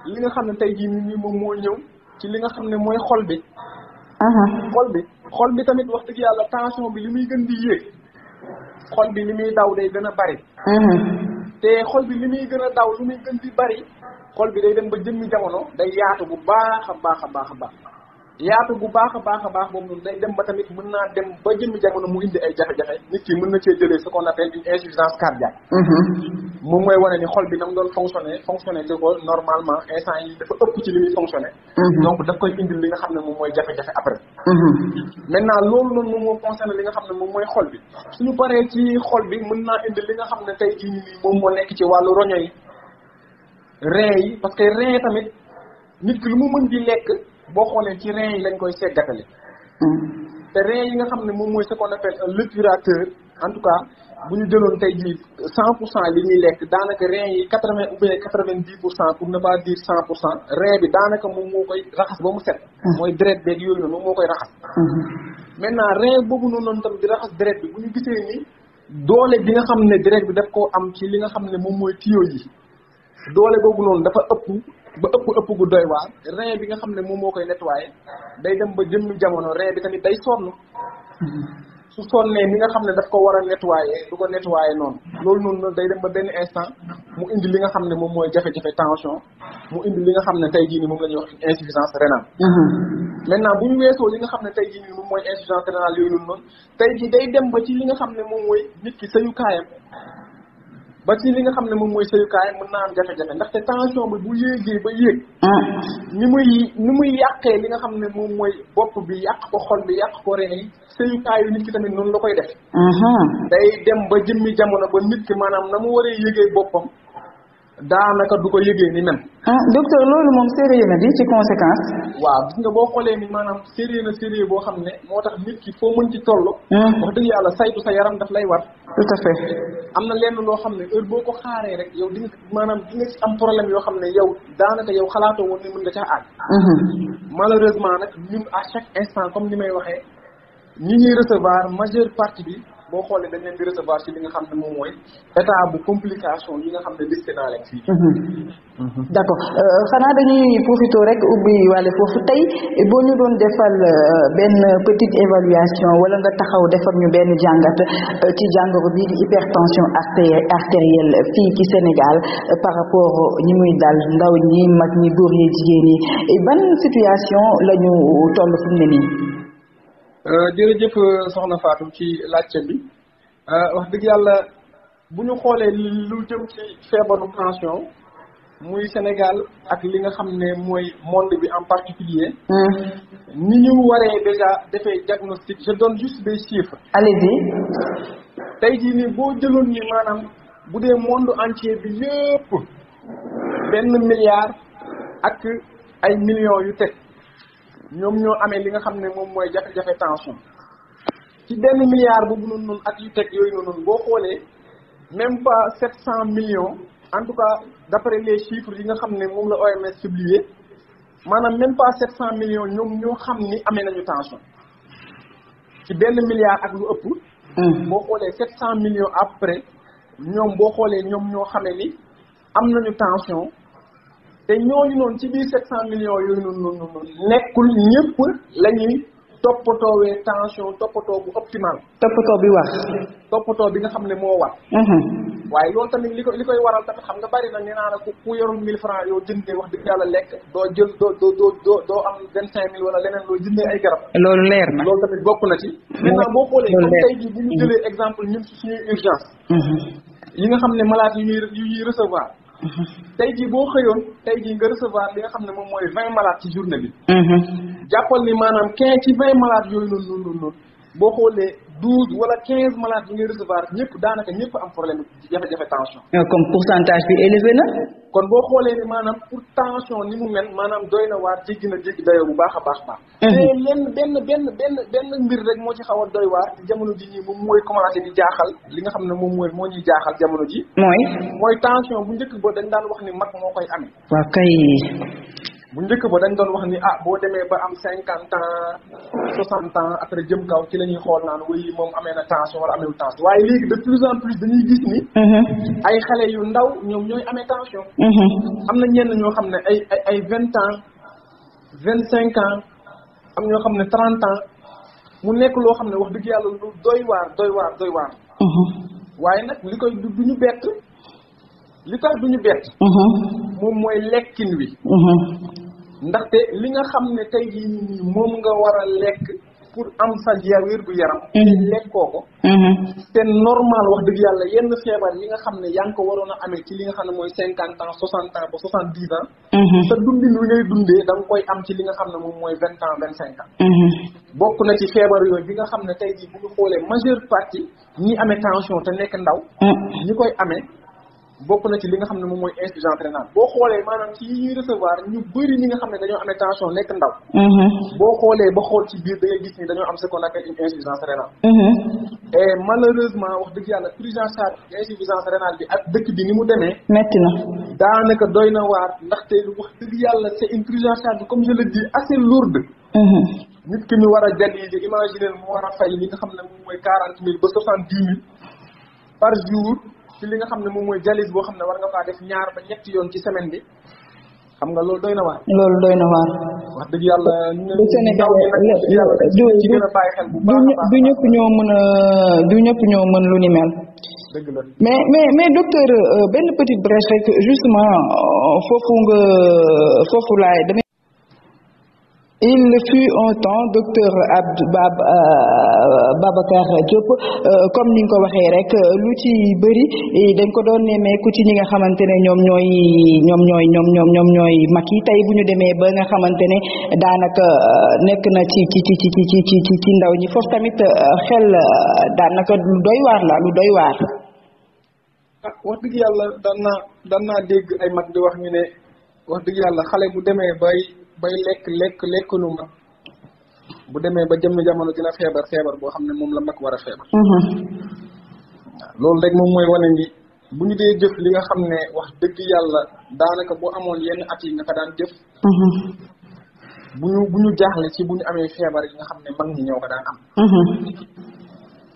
li nga xam ne tey jii nii moom moo ñëw ci li nga xam ne mooy xol bi. xol bi xol bi tamit wax dëgg yàlla tension bi li muy gën di yéeg xol bi li muy daw day gën a bari. te xol bi li muy gën a daw lu muy gën di bari xol bi day dem ba jëmmi jamono day yaatu bu baax a baax a baax a baax. yaatu bu baax a baax a baax boobu noonu day dem ba tamit mën naa dem ba jëmmi jamono mu indi ay jafe-jafe nit ki mën na jëlee ce qu'on appelle mm-hmm. moom mooy wane ni xol bi na doon fonctionné fonctionné te ko normalement instant yi dafa ëpp ci li muy fonctionné mm-hmm. donc daf koy indil li nga xam ne moom mooy jafe-jafe après mm-hmm. maintenant loolu noonu moom moo concerné li nga xam ne moom mooy xol bi suñu paree ci xol bi mën naa indil li nga xam ne tey jii nii moom moo nekk ci wàllu roño yi ree yi parce que ree tamit nit ki lu mu mën di lekk boo xoolee ci reins yi lañ koy seggatale mm. te reins yi nga xam ne moom mooy ce qu'on appelle un luturateur en tout cas bu ñu jëloon tey jii cent pour cent li ñuy lekk daanaka reins yi quatre vingt ou bien quatre cent pour ne bi daanaka moo koy raxas ba mm. mooy deret beeg yooyu moom moo koy raxas mm-hmm. maintenant rein boobu noonu noonu tam di raxas deret bi bu ñu gisee ni bi nga xam ne deret bi daf koo am ci li nga xam ne moom mooy tuyau yi doole boobu noonu dafa ëpp ba ëpp ëpp gu doy waar rein bi nga xam ne moom moo koy nettoyé day dem ba jëmmi jamono rein bi tamit day sonn su sonnee mi nga xam ne daf ko war a nettoyé du ko nettoyé noonu loolu noonu day dem ba benn instant mu indi li nga xam ne moom mooy jafe-jafe tension mu indi li nga xam ne tey jii nii moom la ñuy wax insuffisance rénale maintenant bu ñu weesoo li nga xam ne tey jii nii moom mooy insuffisance rénale yooyu noonu tey jii day dem ba ci li nga xam ne moom mooy nit ki sëyu ba ci li nga xam ne moom mooy sëyukaay mën naa am jafe-jafe ndaxte tension bi bu yéegee ba yéeg mm. ni muy ni muy yàqee li nga xam ne moom mooy bopp bi yàq ko xol bi yàq ko reen yi sëyukaay yu nit ki tamit noonu la koy def mm-hmm. day dem ba jëmmi jamono ba nit ki maanaam na mu waree yéegee boppam daanaka du ko yëgee ni même. ah docteur loolu moom sérieux na di ci conséquence. waaw gis boo xoolee ni maanaam sérieux na sérieux boo xam ne moo tax nit ki foo mën ci toll. Hmm. wax dëgg yàlla saytu sa yaram daf lay war. tout à fait. am na lenn loo xam ne heure boo ko xaaree rek yow di nga maanaam di ci am problème yoo xam ne yow daanaka yow xalaatoo woon ne mën nga caa àgg. Hmm. malheureusement nag ñun à chaque instant comme ni may waxee ñi ñuy recevoir majeure partie bi. boo xoolee d' mhm. mhm. accord euh, xanaa dañuy profité rek ubbi wàlle foofu tey boo ñu doon defal euh, benn petite évaluation wala nga taxaw defal ñu benn jàngat euh, ci jàngoro bii di hypertension artérielle fii ci Sénégal par rapport ñi muy dal ndaw ñi mag ñi góor yi jigéen yi ban situation la toll fu ne nii Euh, jërëjëf euh, soxna Fatou ci laajte bi euh, wax dëgg yàlla bu ñu xoolee lu jëm ci feebaru tension muy Sénégal ak li nga xam ne mooy monde bi en particulier mm. ni ñu waree déjà defee diagnostic je donne juste des chiffres allez-y tey jii nii boo jëloon ni maanaam bu dee monde entier bi yëpp benn milliard ak ay millions yu teg ñoom ñoo amee li nga xam ne moom mooy jafe-jafe tension ci benn milliard boobu noonu noonu ak yu teg yooyu noonu boo xoolee même pas sept cent millions en tout cas d'après les chiffres yi nga xam ne moom la OMS publié maanaam même pas sept cent millions ñoom ñoo xam ni amee nañu tension ci benn milliard ak lu ëpp mm. boo xoolee sept cent millions après ñoom boo xoolee ñoom ñoo xamee ni am nañu tension te ñooñu noonu ci biir sept cent millions yooyu noonu noonu nekkul ñëpp la ñuy toppatoowee tension toppatoo bu optimal. toppatoo bi wax. toppatoo bi nga xam ne moo war. Mhm. waaye loolu tamit li ko li koy waral tamit xam nga bari na nee naa la ku ku yorul mille franc yoo jëndee wax dëgg yàlla lekk doo jël doo doo doo doo am vingt cinq mille wala leneen loo jëndee ay garab. loolu leer na loolu tamit bokk na ci. Mhm. maintenant boo xoolee comme mhm. exemple ñun suñuy urgence. nga xam ne malade yu ñuy yu ñuy recevoir. Mhm. tey jii boo xëyoon tey jii nga recevoir li nga xam ne moom mooy vingt malades ci journée bi mhm. jàppal ni maanaam quinze ci vingt malades yooyu noonu noonu noonu boo xoolee douze wala quinze malades yi ngay recevoir ñëpp daanaka ñëpp am problème jafe-jafe tension. comme pourcentage bi élevé na. kon boo xoolee ni maanaam pour tension ni mu mel maanaam doy na waar jéggi na jéggi dayoo bu baax a baax baax. te mhm. lenn benn benn benn benn mbir rek moo ci xaw a doy waar jamono ji nii moom mooy commencé di jaaxal li nga xam ne moom mooy moo ñuy jaaxal jamono ji. mooy. mooy tension bu njëkk ba dañ daan wax ni mag moo koy amee. bu njëkk ba dañ doon wax ni ah boo demee ba am cinquante ans soixante ans après jëm kaw ci la ñuy xool naan wuy moom amee na tension wala ameewul tension waaye léegi de plus en plus dañuy gis ni mm-hmm. ay xale yu ndaw ñoom ñooy amee tension mm-hmm. am na ñenn ñoo xam ne ay ay ay vingt ans vingt cinq ans am ñoo xam ne trente ans mu nekk loo xam ne wax dëgg yàlla lu doy waar doy waar doy waar mm-hmm. waaye nag li koy du ñu bett li tax du bett moom mooy lekkin wi ndaxte li nga xam ne tey jii nii moom nga war a lekk pour am sa ja wér gu yaram mhm. lekkoo ko mhm. te normal wax dëgg yàlla yenn feebar yi nga xam ne yaa ngi ko waroon a amee ci li nga xam ne mooy cinquante ans soixante ans ba soixante dix ans mhm. sa dundin wi ngay dundee da koy am ci li nga xam ne moom mooy vingt ans vingt cinq ans bokk na ci feebar yooyu bi nga xam ne tey jii bu ñu xoolee majeure partie ñi amee tension te nekk ndaw ñi koy amee bokk na ci li nga xam ne moom mooy insuffisance rénale boo xoolee maanaam ci yi recevoir ñu bëri ñi nga xam ne dañoo amee tension nekk ndaw mhm. boo xoolee ba xool ci biir da gis ni dañoo am ce qu'on appelle une insuffisance rénale mhm. et wax dëgg yàlla prise en charge insuffisance rénale bi ak dëkk bi ni mu demee metti na daanaka doy na waar ndaxte wax dëgg yàlla c'est une prise en charge comme je le dis assez lourde mhm. nit ki ñu war a dialyser imaginer mu war a fay li xam ne moom mooy quarante mille ba soixante dix mille par jour ci li nga xam ne moom mooy jalis boo xam ne war nga faa def ñaar nga loolu doy na waar. loolu na waar. wax dëgg yàlla ñu ne. Sénégal du du du ñëpp ñoo mën a du ñëpp ñoo mën lu ni mel. dëgg la mais mais mais docteur euh, benn petite brèche rek justement euh, foofu nga foofu laay. Il fut un temps docteur Abd euh, Babacar Diop euh, comme ni nga ko waxee rek lu ci bëri dañ ko doon nemmeeku ci ñi nga xamante ne ñoom ñooy ñoom ñooy ñoom ñoom ñoom ñooy mag yi tey bu ñu demee ba nga xamante ne daanaka euh, nekk na ci ci ci ci ci ci ci ndaw ñi foofu tamit xel daanaka lu doy waar la lu doy waar. ah wax dëgg yàlla daan naa daan naa dégg ay mag di wax ñu ne wax dëgg yàlla xale bu demee bay. bay lekk lekk lekk lu mag bu demee ba jëmm jamono dina feebar feebar boo xam ne moom la mag war a feebar mm-hmm. waaw loolu rek moom mooy wane ni bu ñu dee jëf li nga xam ne wax dëgg yàlla daanaka boo amoon yenn at yi nga ko daan jëf mm-hmm. bu ñu bu ñu jaaxle ci bu ñu amee feebar yi nga xam ne mag ñi ñëw ko daa am mm-hmm.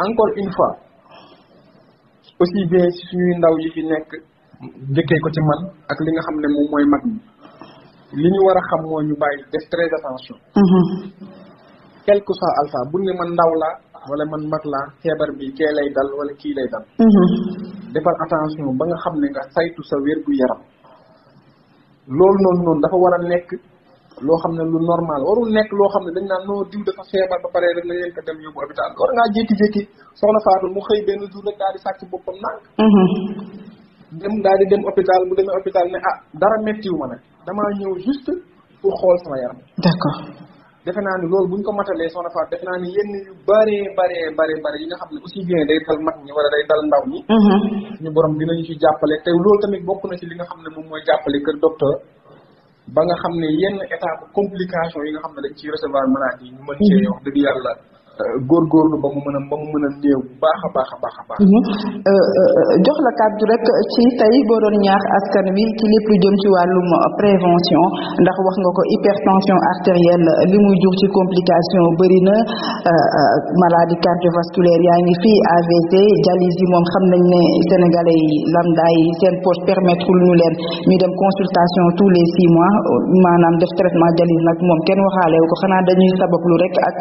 encore une fois aussi bien si suñuy ndaw yi fi nekk jëkkee ko ci man ak li nga xam ne moom mooy mag li ñu war a xam moo ñu bàyyi def très attention. Mm-hmm. quel que soit alpha bu ne man ndaw laa wala man mag laa feebar bi kee lay dal wala kii lay dal. Mm-hmm. defal attention ba nga xam ne nga saytu sa wér gu yaram. loolu noonu noonu dafa war a nekk loo xam ne lu normal warul nekk loo xam ne dañ daan noo diw dafa feebar ba pare rek nañ leen ko dem yóbbu hôpital war ngaa jékki-jékki soxna Fatou mu xëy benn jour rek daal di sàcc boppam nang mm-hmm. dem daal di dem hôpital bu demee hôpital ne ah dara méttiwu ma nag damaa ñëw juste pour xool sama yaram. d'accord defe naa ni loolu bu ñu ko matalee soxna Fatou defe naa ni yenn yu bëree bëree bëri bëri yi nga xam ne aussi bien day dal mag ñi wala day dal ndaw ñi. Mm-hmm. ñu borom dinañu ci jàppale te loolu tamit bokk na ci li nga xam ne moom mooy jàppale kër docteur. ba nga xam ne yenn état complication yi nga xam ne dañ ciy recevoir malade yi ñu mën cee mm-hmm. wax dëgg góorgóorlu ba mu mën a ba mu mën a néew bu baax a baax a baax a baax mhm. euh, euh, jox la kàddu rek ci tey boo doon ñaax askan wi ci lépp lu jëm ci wàllum prévention ndax wax nga ko hypertension artérielle li muy jur ci complication bëri na euh, maladie cardiovasculaire yaa ngi fii AVC dialyse yi moom xam nañ ne sénégalais yi lambda yi seen poche permettre lu ñu leen ñu dem consultation tous les six mois maanaam def traitement dialyse nag moom kenn waxaale ko xanaa dañuy sabablu rek ak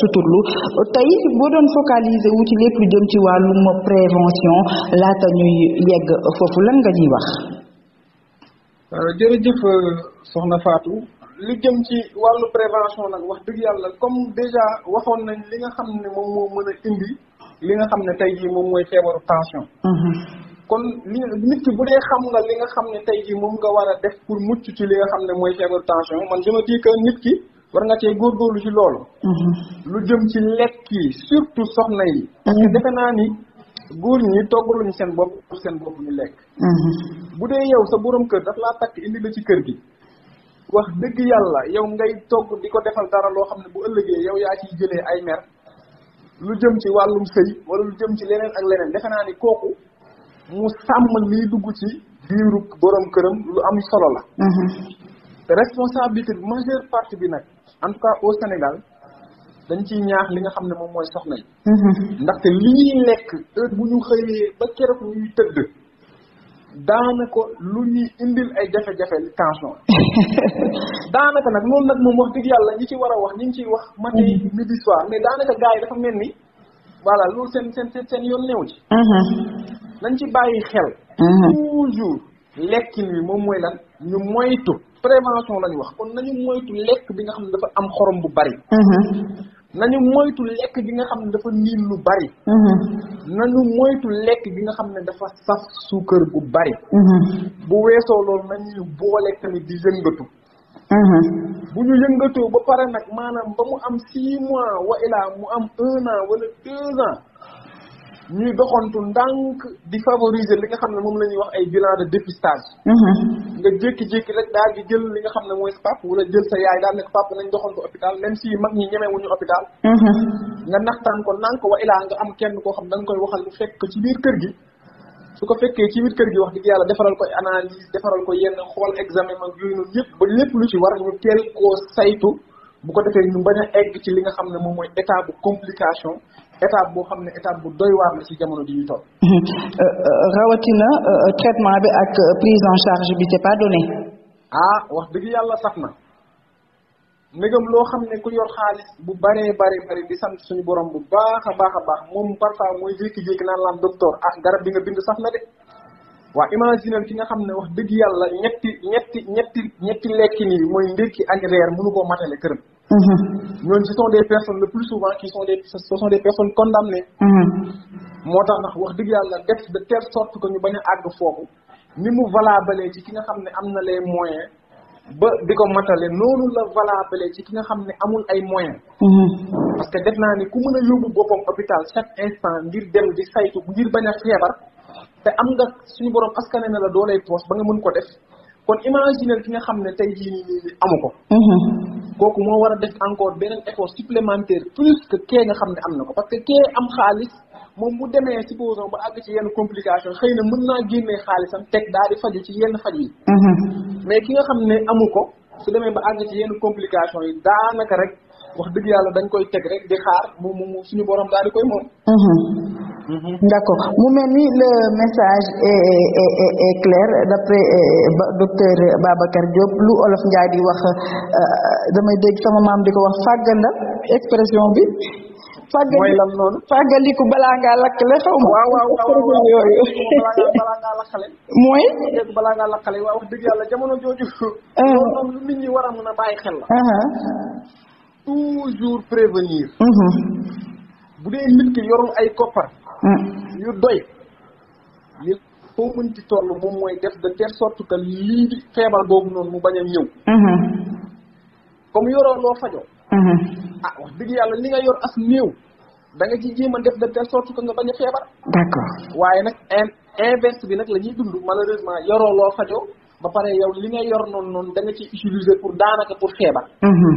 suturlu loolu tey boo doon focaliser wu ci lépp lu jëm ci wàllum prévention laata ñuy yegg foofu lan nga ñuy wax. Euh, jërëjëf euh, soxna Fatou. lu jëm ci wàllu prévention nag wax dëgg yàlla comme déjà waxoon nañ li nga xam ne moom moo mën a indi li nga xam ne tey jii moom mooy feebaru tension. Mm-hmm. kon li nit ki bu dee xam nga li nga xam ne tey jii moom nga war a def pour mucc ci li nga xam ne mooy feebaru tension man je me dis nit ki. war nga cee góorlu ci loolu. Mhm. lu jëm ci lekk yi surtout soxna yi. parce mhm. defe naa ni góor ñi toggaluñu seen bopp seen bopp ñu lekk. Mhm. bu dee yow sa boroom kër daf laa takk indi la ci kër gi. wax dëgg yàlla yow ngay togg di ko defal dara loo xam ne bu ëllëgee yow yaa ciy jëlee ay mer. lu jëm ci wàllum sëy wala lu jëm ci leneen ak leneen defe naa ni kooku mu sàmm liy dugg ci biiru borom këram lu am solo la. responsabilité majeure partie bi nag. en tout cas au Sénégal dañ ci ñaax li nga xam ne moom mooy soxna yi. Mhm. ndaxte li ñuy lekk bu ñu xëyee ba keroog ñuy tëdd. daanaka lu ñuy indil ay jafe-jafe li tension daanaka nag loolu nag moom wax dëgg yàlla ñi ci war a wax ñi ngi ciy wax matin mhm. midi soir mais daanaka gars yi dafa mel ni voilà loolu seen seen seen seen yoon néew ci mhm. nañ ci bàyyi xel toujours lekkin wi moom mooy lan ñu moytu prévention la ñu wax kon nañu moytu lekk bi nga xam ne dafa am xorom bu bari mhm. nañu moytu lekk bi nga xam ne dafa niin lu bari mhm. nañu moytu lekk gi nga xam ne dafa saf suukar bu bari mhm. bu weesoo loolu nañuy boole tamit di yëngatu bu ñu yëngatoo ba pare nag maanaam ba mu am six mois wa mu am un an wala deux ans ñuy doxantu ndànk di favoriser li nga xam ne moom la ñuy wax ay bilan de dépistage mhm. nga jékki-jékki rek daal di jël li nga xam ne mooy sa pap wala jël sa yaay daal ne ko pap nañ doxantu hôpital même si mag ñi ñemewuñu hôpital mhm. nga naxtaan ko nank wa ilaa nga am kenn koo xam ne nga koy waxal lu fekk ci biir kër gi su ko fekkee ci biir kër gi wax dëgg yàlla defaral ko analyse defaral ko yenn xool examen mag yooyu noonu yëpp ba lu ci war ñu teel koo saytu bu ko defee ñu bañ a egg ci li nga xam ne moom mooy état bu complication étape boo xam ne étape bu doy waar la ci jamono di ñu toll. Mhm. Euh, euh, rawatina euh, traitement bi ak prise en charge bi ci pas donné. ah wax dëgg yàlla sax na ndegam loo xam ne ku yor xaalis bu baree bare bari di sant suñu borom bu baax a baax a baax moom parfois mooy jékki-jékki naan laan docteur ah garab bi nga bind sax na de. waa imaginer ki nga xam ne wax dëgg yàlla ñetti ñetti ñetti ñetti lekki nii mooy ndékki ak reer mënu koo matale këram. Mm-hmm. ñooñu ce sont des personnes le plus souvent qui sont des ce sont des personnes condamnées. Mm-hmm. moo tax ndax wax dëgg yàlla def de telle sorte que ñu bañ a àgg foofu ni mu valable ci ki nga xam ne am na les moyens. ba di ko matale noonu la valable ci ki nga xam ne amul ay moyen mm-hmm. parce que def naa ni ku mën a yóbbu boppam hôpital chaque instant ngir dem di saytu ngir bañ a feebar te am nga suñu borom askane na la doolay poos ba nga mën ko def kon imaginer ki nga xam ne tey jii nii amu ko. Mm-hmm. kooku moo war a def encore beneen effort supplémentaire plus que kee nga xam ne am na ko parce que kee am xaalis moom mu demee supposons ba àgg ci yenn complication xëy na mën naa génnee xaalisam teg daal di faju ci yenn faj yi. Mm-hmm. mais ki nga xam ne amu ko su demee ba àgg ci yenn complication yi daanaka rek wax dëgg yàlla dañ koy teg rek di xaar mu mu suñu borom daal di koy moom. Mm-hmm. Mhm. d' accord mu mel ni le message est est est, euh, docteur Babacar Diop lu olof Njaay di wax euh, damay dégg sama maam di ko wax fàggal la expression bi. mooy lan noonu fàggaliku balaa ngaa mooy. balaa ngaa lakkale waaw wax ah. xel la. toujours prévenir. Mhm. bu yu doy li foo mënti toll moom mooy def de telle sorte que lii di feebar boobu noonu mu bañ a ñëw mhm. comme yoroo loo fajoo mhm. ah wax dëgg yàlla li nga yor as néew da nga ci jéem a def de telle sorte que nga bañ a feebar d'accord waaye nag in inverse bi nag la ñuy dund malheureusement yoroo loo fajoo ba pare yow li nga yor noonu noonu da nga ci utiliser pour daanaka pour feebar. Mhm.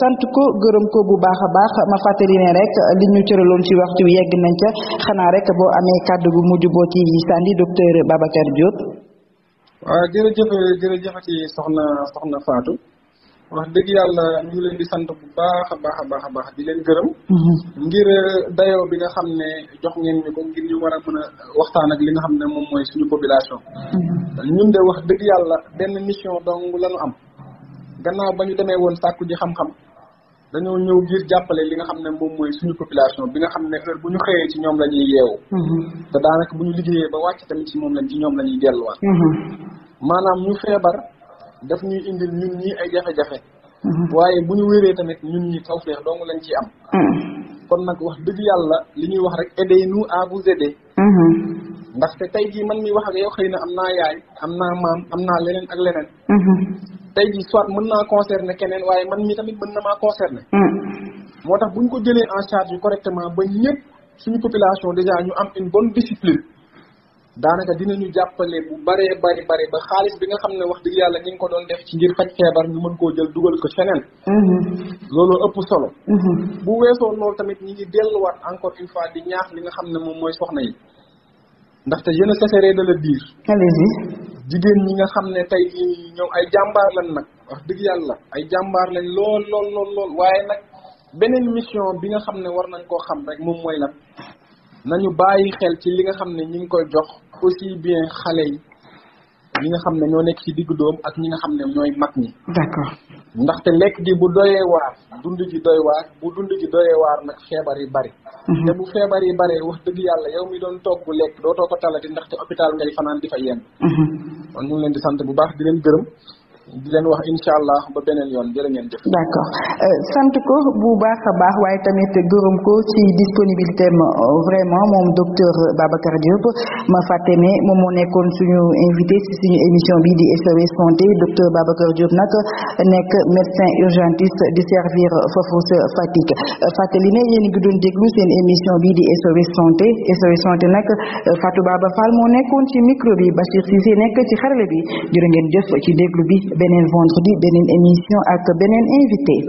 sant ko gërëm ko bu baax a baax ma fàttali ne rek li ñu cëraloon ci waxtu bi yegg nañ ca xanaa rek boo amee kàddu gu mujj boo ci sànni docteur Babacar Diop. waaw jërëjëf jërëjëf ci soxna soxna Fatou. wax dëgg yàlla ñu ngi leen di sant bu baax a baax baax a baax di leen gërëm. Mhm. ngir euh, dayoo bi nga xam ne jox ngeen ñu ko ngir ñu war a mën a waxtaan ak li nga xam ne moom mooy suñu population. Mhm. ñun de wax dëgg yàlla benn mission dong la ñu am. gannaaw ba ñu demee woon sàkku ji xam-xam dañoo ñëw ngir jàppale li nga xam ne moom mooy suñu population bi nga xam ne heure bu ñu xëyee ci ñoom la ñuy yeewu. Mhm. te daanaka bu ñu liggéeyee ba wàcc tamit ci moom lañ ci ñoom la ñuy delluwaat. daf ñuy indil ñun ñi ay jafe-jafe mhm. waaye bu ñu wéree tamit ñun ñi tawfeex dong lañ ciy am mhm. kon nag wax dëgg yàlla li ñuy wax rek aidez-nous à vous ndax mhm. ndaxte tey jii man mi wax ak yow xëy na am naa yaay am naa maam am naa leneen ak leneen tey jii soit mën naa concerné keneen waaye man mi tamit mën na maa concerné moo tax bu ñu ko jëlee en charge correctement ba ñëpp suñu population déjà ñu am une bonne discipline daanaka dinañu jàppale bu bare bari bari ba xaalis bi nga xam ne wax dëgg yàlla ñu ngi ko doon def ci ngir faj feebar ñu mën koo jël dugal ko feneen mm-hmm. looloo ëpp solo mm-hmm. bu weesoo loolu tamit ñu ngi delluwaat encore une fois di ñaax li nga xam ne moom mooy soxna yi ndaxte je ne cesserai de le dire jigéen ñi nga xam ne tey jii ay jàmbaar lañ nag wax dëgg yàlla ay jàmbaar lañ lool lool lool waaye nag beneen mission bi nga xam ne war nañ koo xam rek moom mooy lan nañu bàyyi xel ci li nga xam ne ñi ngi koy jox aussi bien xale yi ñi nga xam ne ñoo nekk ci diggu doom ak ñi nga xam ne ñooy mag ñi. d'accord ndaxte lekk gi bu doyee waar dund gi doy waar bu dund gi doyee waar nag feebar yi bari. Mhm. te bu feebar yi baree wax dëgg yàlla yow mi doon togg lekk dootoo ko ndax ndaxte hôpital ngay fanaan di fa yenn. Mhm. kon ñu leen di sant bu baax di leen gërëm. di leen wax incha allah ba beneen yoon jërë ngeen jëf. d' accord euh, sant ko bu baax a baax waaye tamit gërëm ko ci disponibilité am euh, vraiment moom docteur Babacar Diop ma fàtte ne moom moo nekkoon suñu invité suñu émission bi di SOS santé docteur Babacar Diop nag nekk médecin urgentiste di servir foofu sa Fatick euh, fàttali ne yéen ngi doon déglu seen émission bi di SOS santé SOS santé nag Fatou Baba Fall moo nekkoon ci micro bi Bachir Cissé nekk ci xarale bi jërë ngeen jëf ci déglu bi. beneen vendredi beneen émission ak beneen invité